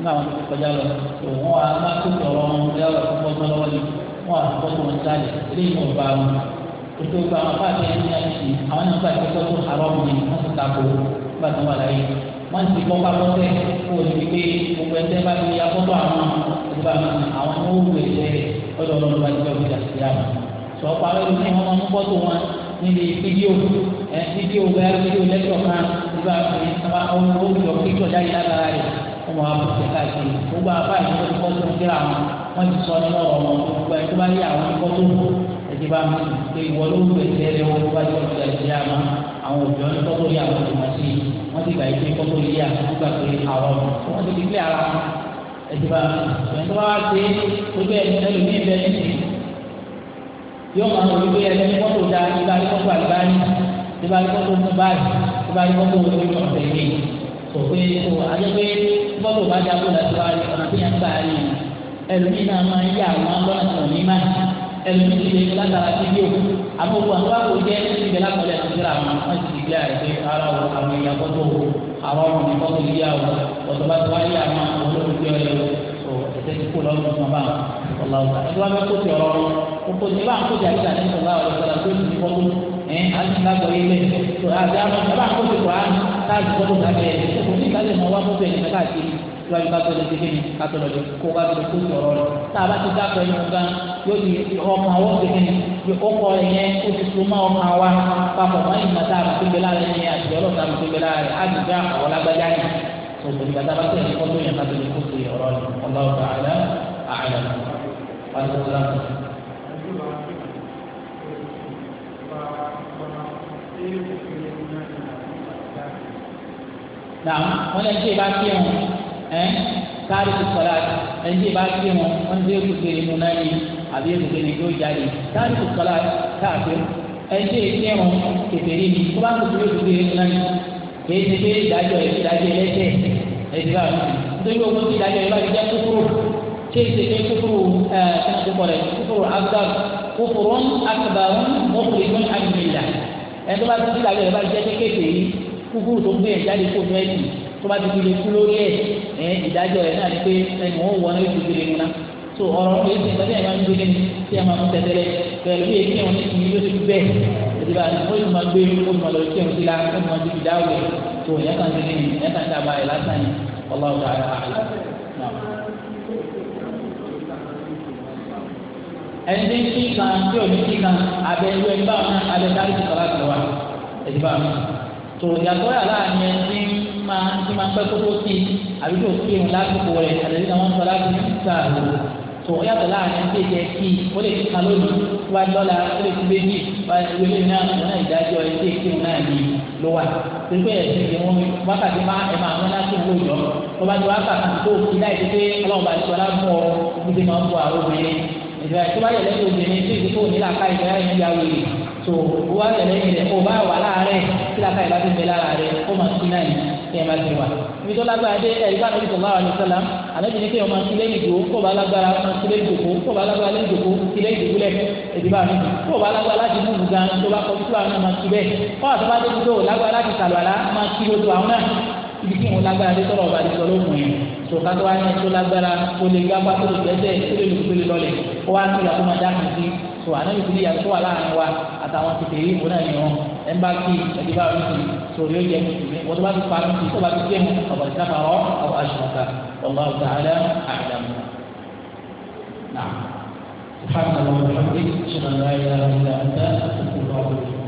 nínú àwọn tó ti kọjá lọ tó wọn wá má tó tọrọ wọn lé ọ̀rọ̀ tó kọjá lọ́wọ́ ni wọn wá tó tó wọn jáde eléyìí wọn bá wọn ètò ìgbà àwọn fáàbí ẹni ní àyè àwọn náà gbà tó tó àrọ́mù ni wọn ti tako nígbà tó wà láyé wọn ti bọ́ bá bọ́tẹ́ kó o ti pé gbogbo ẹ̀ńtẹ́ bá ti ya bọ́tọ̀ àwọn ìgbà àwọn ní owó ẹ̀jẹ̀ ọ̀dọ̀ ọlọ́run bá ti bẹ́ẹ̀ wíjà sí àná sọ̀pọ̀ àwọn ẹni wọn máa ń bọ́tò wọn níbi fídíò ẹ fídíò bẹ́ẹ̀ fídíò lẹ́tọ̀ kan nígbà tó ń sábà ó ń lọ fídíò jáde lágbára rẹ̀ wọn máa bọ̀ sí káàkiri gbogbo àbá yìí wọn ti kọ́ tó ń kíra wọn wọn ti sọ nínú ọ̀rọ̀ wọn gbogbo ẹ̀ tó bá yẹ àwọn ikọ́ tó kù ẹ̀jẹ̀ bá mi pé ìwọ ló ń gbèsè rẹ wọn bá ti ọ̀sẹ̀ ẹ̀jẹ̀ àmọ́ àwọn òbí wọn kọ́ tó yẹ àwọn ọ̀dùnmọ̀ sí i wọ́n ti gbà yí pé kọ́ tó yẹ àgbà pé àwọn wọn ti kílẹ̀ ara wọn ẹ̀jẹ̀ bá mi tó bá wá sí gbogbo ẹ̀ ẹlòmíì bẹ́ẹ̀ ní yóò máa wọ ìgbé ẹni ní kótó da ìgbà fọ́tò bá dáa kó láti wá rí ọ̀nà tí yẹn gbà rí i ẹlòmíì náà máa ń yà àwọn lọ́nà tó ní má ẹlòmíì ti lè látara fídíò àbúkù àwọn àwọn jẹ́ ìbẹ̀ lápẹ̀lẹ̀ nàìjíríà wọn wọ́n ti di bíi àìsí ara wọn àwọn èèyàn fọ́tò àwọn ọmọ ní fọ́tò yíyá wọn ọ̀tọ̀ bá tó wá yà àwọn olólùfẹ́ ọ̀yọ́ tó ẹ̀sẹ̀ ti kó lọ́rùn fún ọba ọ̀làwùsà ẹ̀dọ́ ẹ alùpùpù yìí bẹ tó àdáàmọ bàbá àwọn oṣù kọ́ àánú káàdì kọ́ tó ga bẹ́ẹ̀ tó ní ìkàlẹ̀ mọ́ wá fọ́fẹ́ ẹ̀yìn káàkiri tó àyùká tó lè dégé ni kátó lọ lè kó wá lọ kó tó lọ tá a bá ti dákọ̀ ẹni gan yóò di ọmọ àwọn dégé ni yóò ọkọ ẹ̀yẹ ó ti so máa ọmọ àwa papọ̀ mọ́ ìgbà tá a bá ti gbé lára ẹni àti ọlọ́ta mi ti gbé lára á ti dá àwọn lágbájá ni tó ìgbà tá a bá tẹ̀ ẹni Nàá wọ́n lé ṣé ìbá kí wọn ẹ́ sáré tó sọ̀rọ̀ àti ẹ̀ ṣé ìbá kí wọn wọ́n ṣe é kùtè nínú náà ni àbí èkùtè ní yóò jáde sáré tó sọ̀rọ̀ àti káàkiri ẹ̀ ṣé ìkí wọn kékeré ni tó bá kùtè yóò kùtè nínú náà ni kìí ṣe pé ìdájọ́ ìdájọ́ ẹlẹ́sẹ̀ bá mi nítorí ogun tí ìdájọ́ ìbá mi kúkúrú ṣé ìṣe pé kúkúrú ẹ̀ ẹ̀ kúkúrú kúkúrú agbára mọ́kùnrin ẹni tó bá ti di ìdàgbẹ́ rẹ bá jẹ́ kékeré yìí kúkúrú tó gbé ẹ̀ jáde kó nu ẹ̀sìn tó bá ti di lè kú lórí ẹ̀ ẹ̀ ìdájọ́ rẹ̀ náà ni pé ẹni wọ́n wọ ní oṣù kiri múná tó ọ̀rọ̀ ọ̀rọ̀ ẹ̀sìn ìgbà tí ẹ̀ máa ń gbé tí ẹ̀ máa ń tẹ̀tẹ̀lẹ̀ pẹ̀lú bí èké wọn ní ìsinmi yóò ti bẹ́ẹ̀ ìdìbò àti wọ́n yóò máa gbé wọ́n máa lọ sí ẹ̀rù síla wọ́n máa ti dáwọ̀ tó ìyá kan ti ní ìyá kan ti àbáyé lásán yìí ọlọ́run ẹni tí ń kí kan tí ò ní kí kan abẹ ìlú ẹni báwọn náà abẹ dárí ti sọlá tẹwà ẹni báwọn náà tó yàtọ̀ yà láàrin ẹni tí máa tí máa pẹ́ kókó sí àbí tó kí òun lásìkò rẹ̀ àtẹ̀lé náà wọ́n sọ láti ní sáà lò tó yàtọ̀ láàrin ẹni tí ìjẹ kí ó lè kí kan lónìí tó bá dọ́là ó lè kí méjì wá ìwé náà wọn náà ìdájọ́ ẹni tí èkí òun náà ní ló wà pépé ẹ̀sìn ìdí wọn wákàtí má ẹ̀ máa wọn láti wọ ìjọ tó bá ti wákàtí tó kí láì ìgbà tó bá yẹ lẹ́yìn obìnrin tí ìdíkò ní làkà ìgbà yẹn ya wèrè tó o wá yẹ lẹ́yìn rẹ̀ o bá wà láàárẹ̀ tí làkà ìgbà tó ń bẹ lára rẹ̀ ó máa tún náà ní ẹ̀ máa ti wà. ibi tó lágbára dé ẹ̀ ìgbà àdébìtì ọ̀la wa ní sọ́la àdébìtì kí ọmọ kílẹ̀ ìdò kó o bá lágbára ọmọ kílẹ̀ ìdò kó o bá lágbára lẹ́yìn ìdòkó kílẹ̀ ìdòkó lẹ̀ ìdìbà mi kó o bá lágbára láti mú gan tó bá kọ tó àwọn ọmọ kíbẹ̀ kó àtúbà tó kú tó lágbára láti ibi tí wọn lágbára dé sọ̀rọ̀ ọba àdìsọ ló mú yẹn tó kátó wá yẹn tó lágbára ó lè gbá pátó lè gbẹ́sẹ̀ ó lè lùkú lè lọlẹ̀ ó wá tó làkúmọ̀ dáhùn sí tó ànábi ti di yàtọ̀ wà láàrin wa àtàwọn tètè yìí wọn náà yẹn ẹ̀ ń bá kí ẹ̀dí bá rí sí torí ó yẹ mùsùlùmí tó bá ti parí sí tó bá ti jẹun ọ̀bọ̀ ìsáfàrọ̀ àwọn aṣọ̀ka ọ̀gbà ọ̀gá alẹ́ àdàmú. نعم سبحانك اللهم وبحمدك اشهد ان لا اله الا انت استغفرك واتوب اليك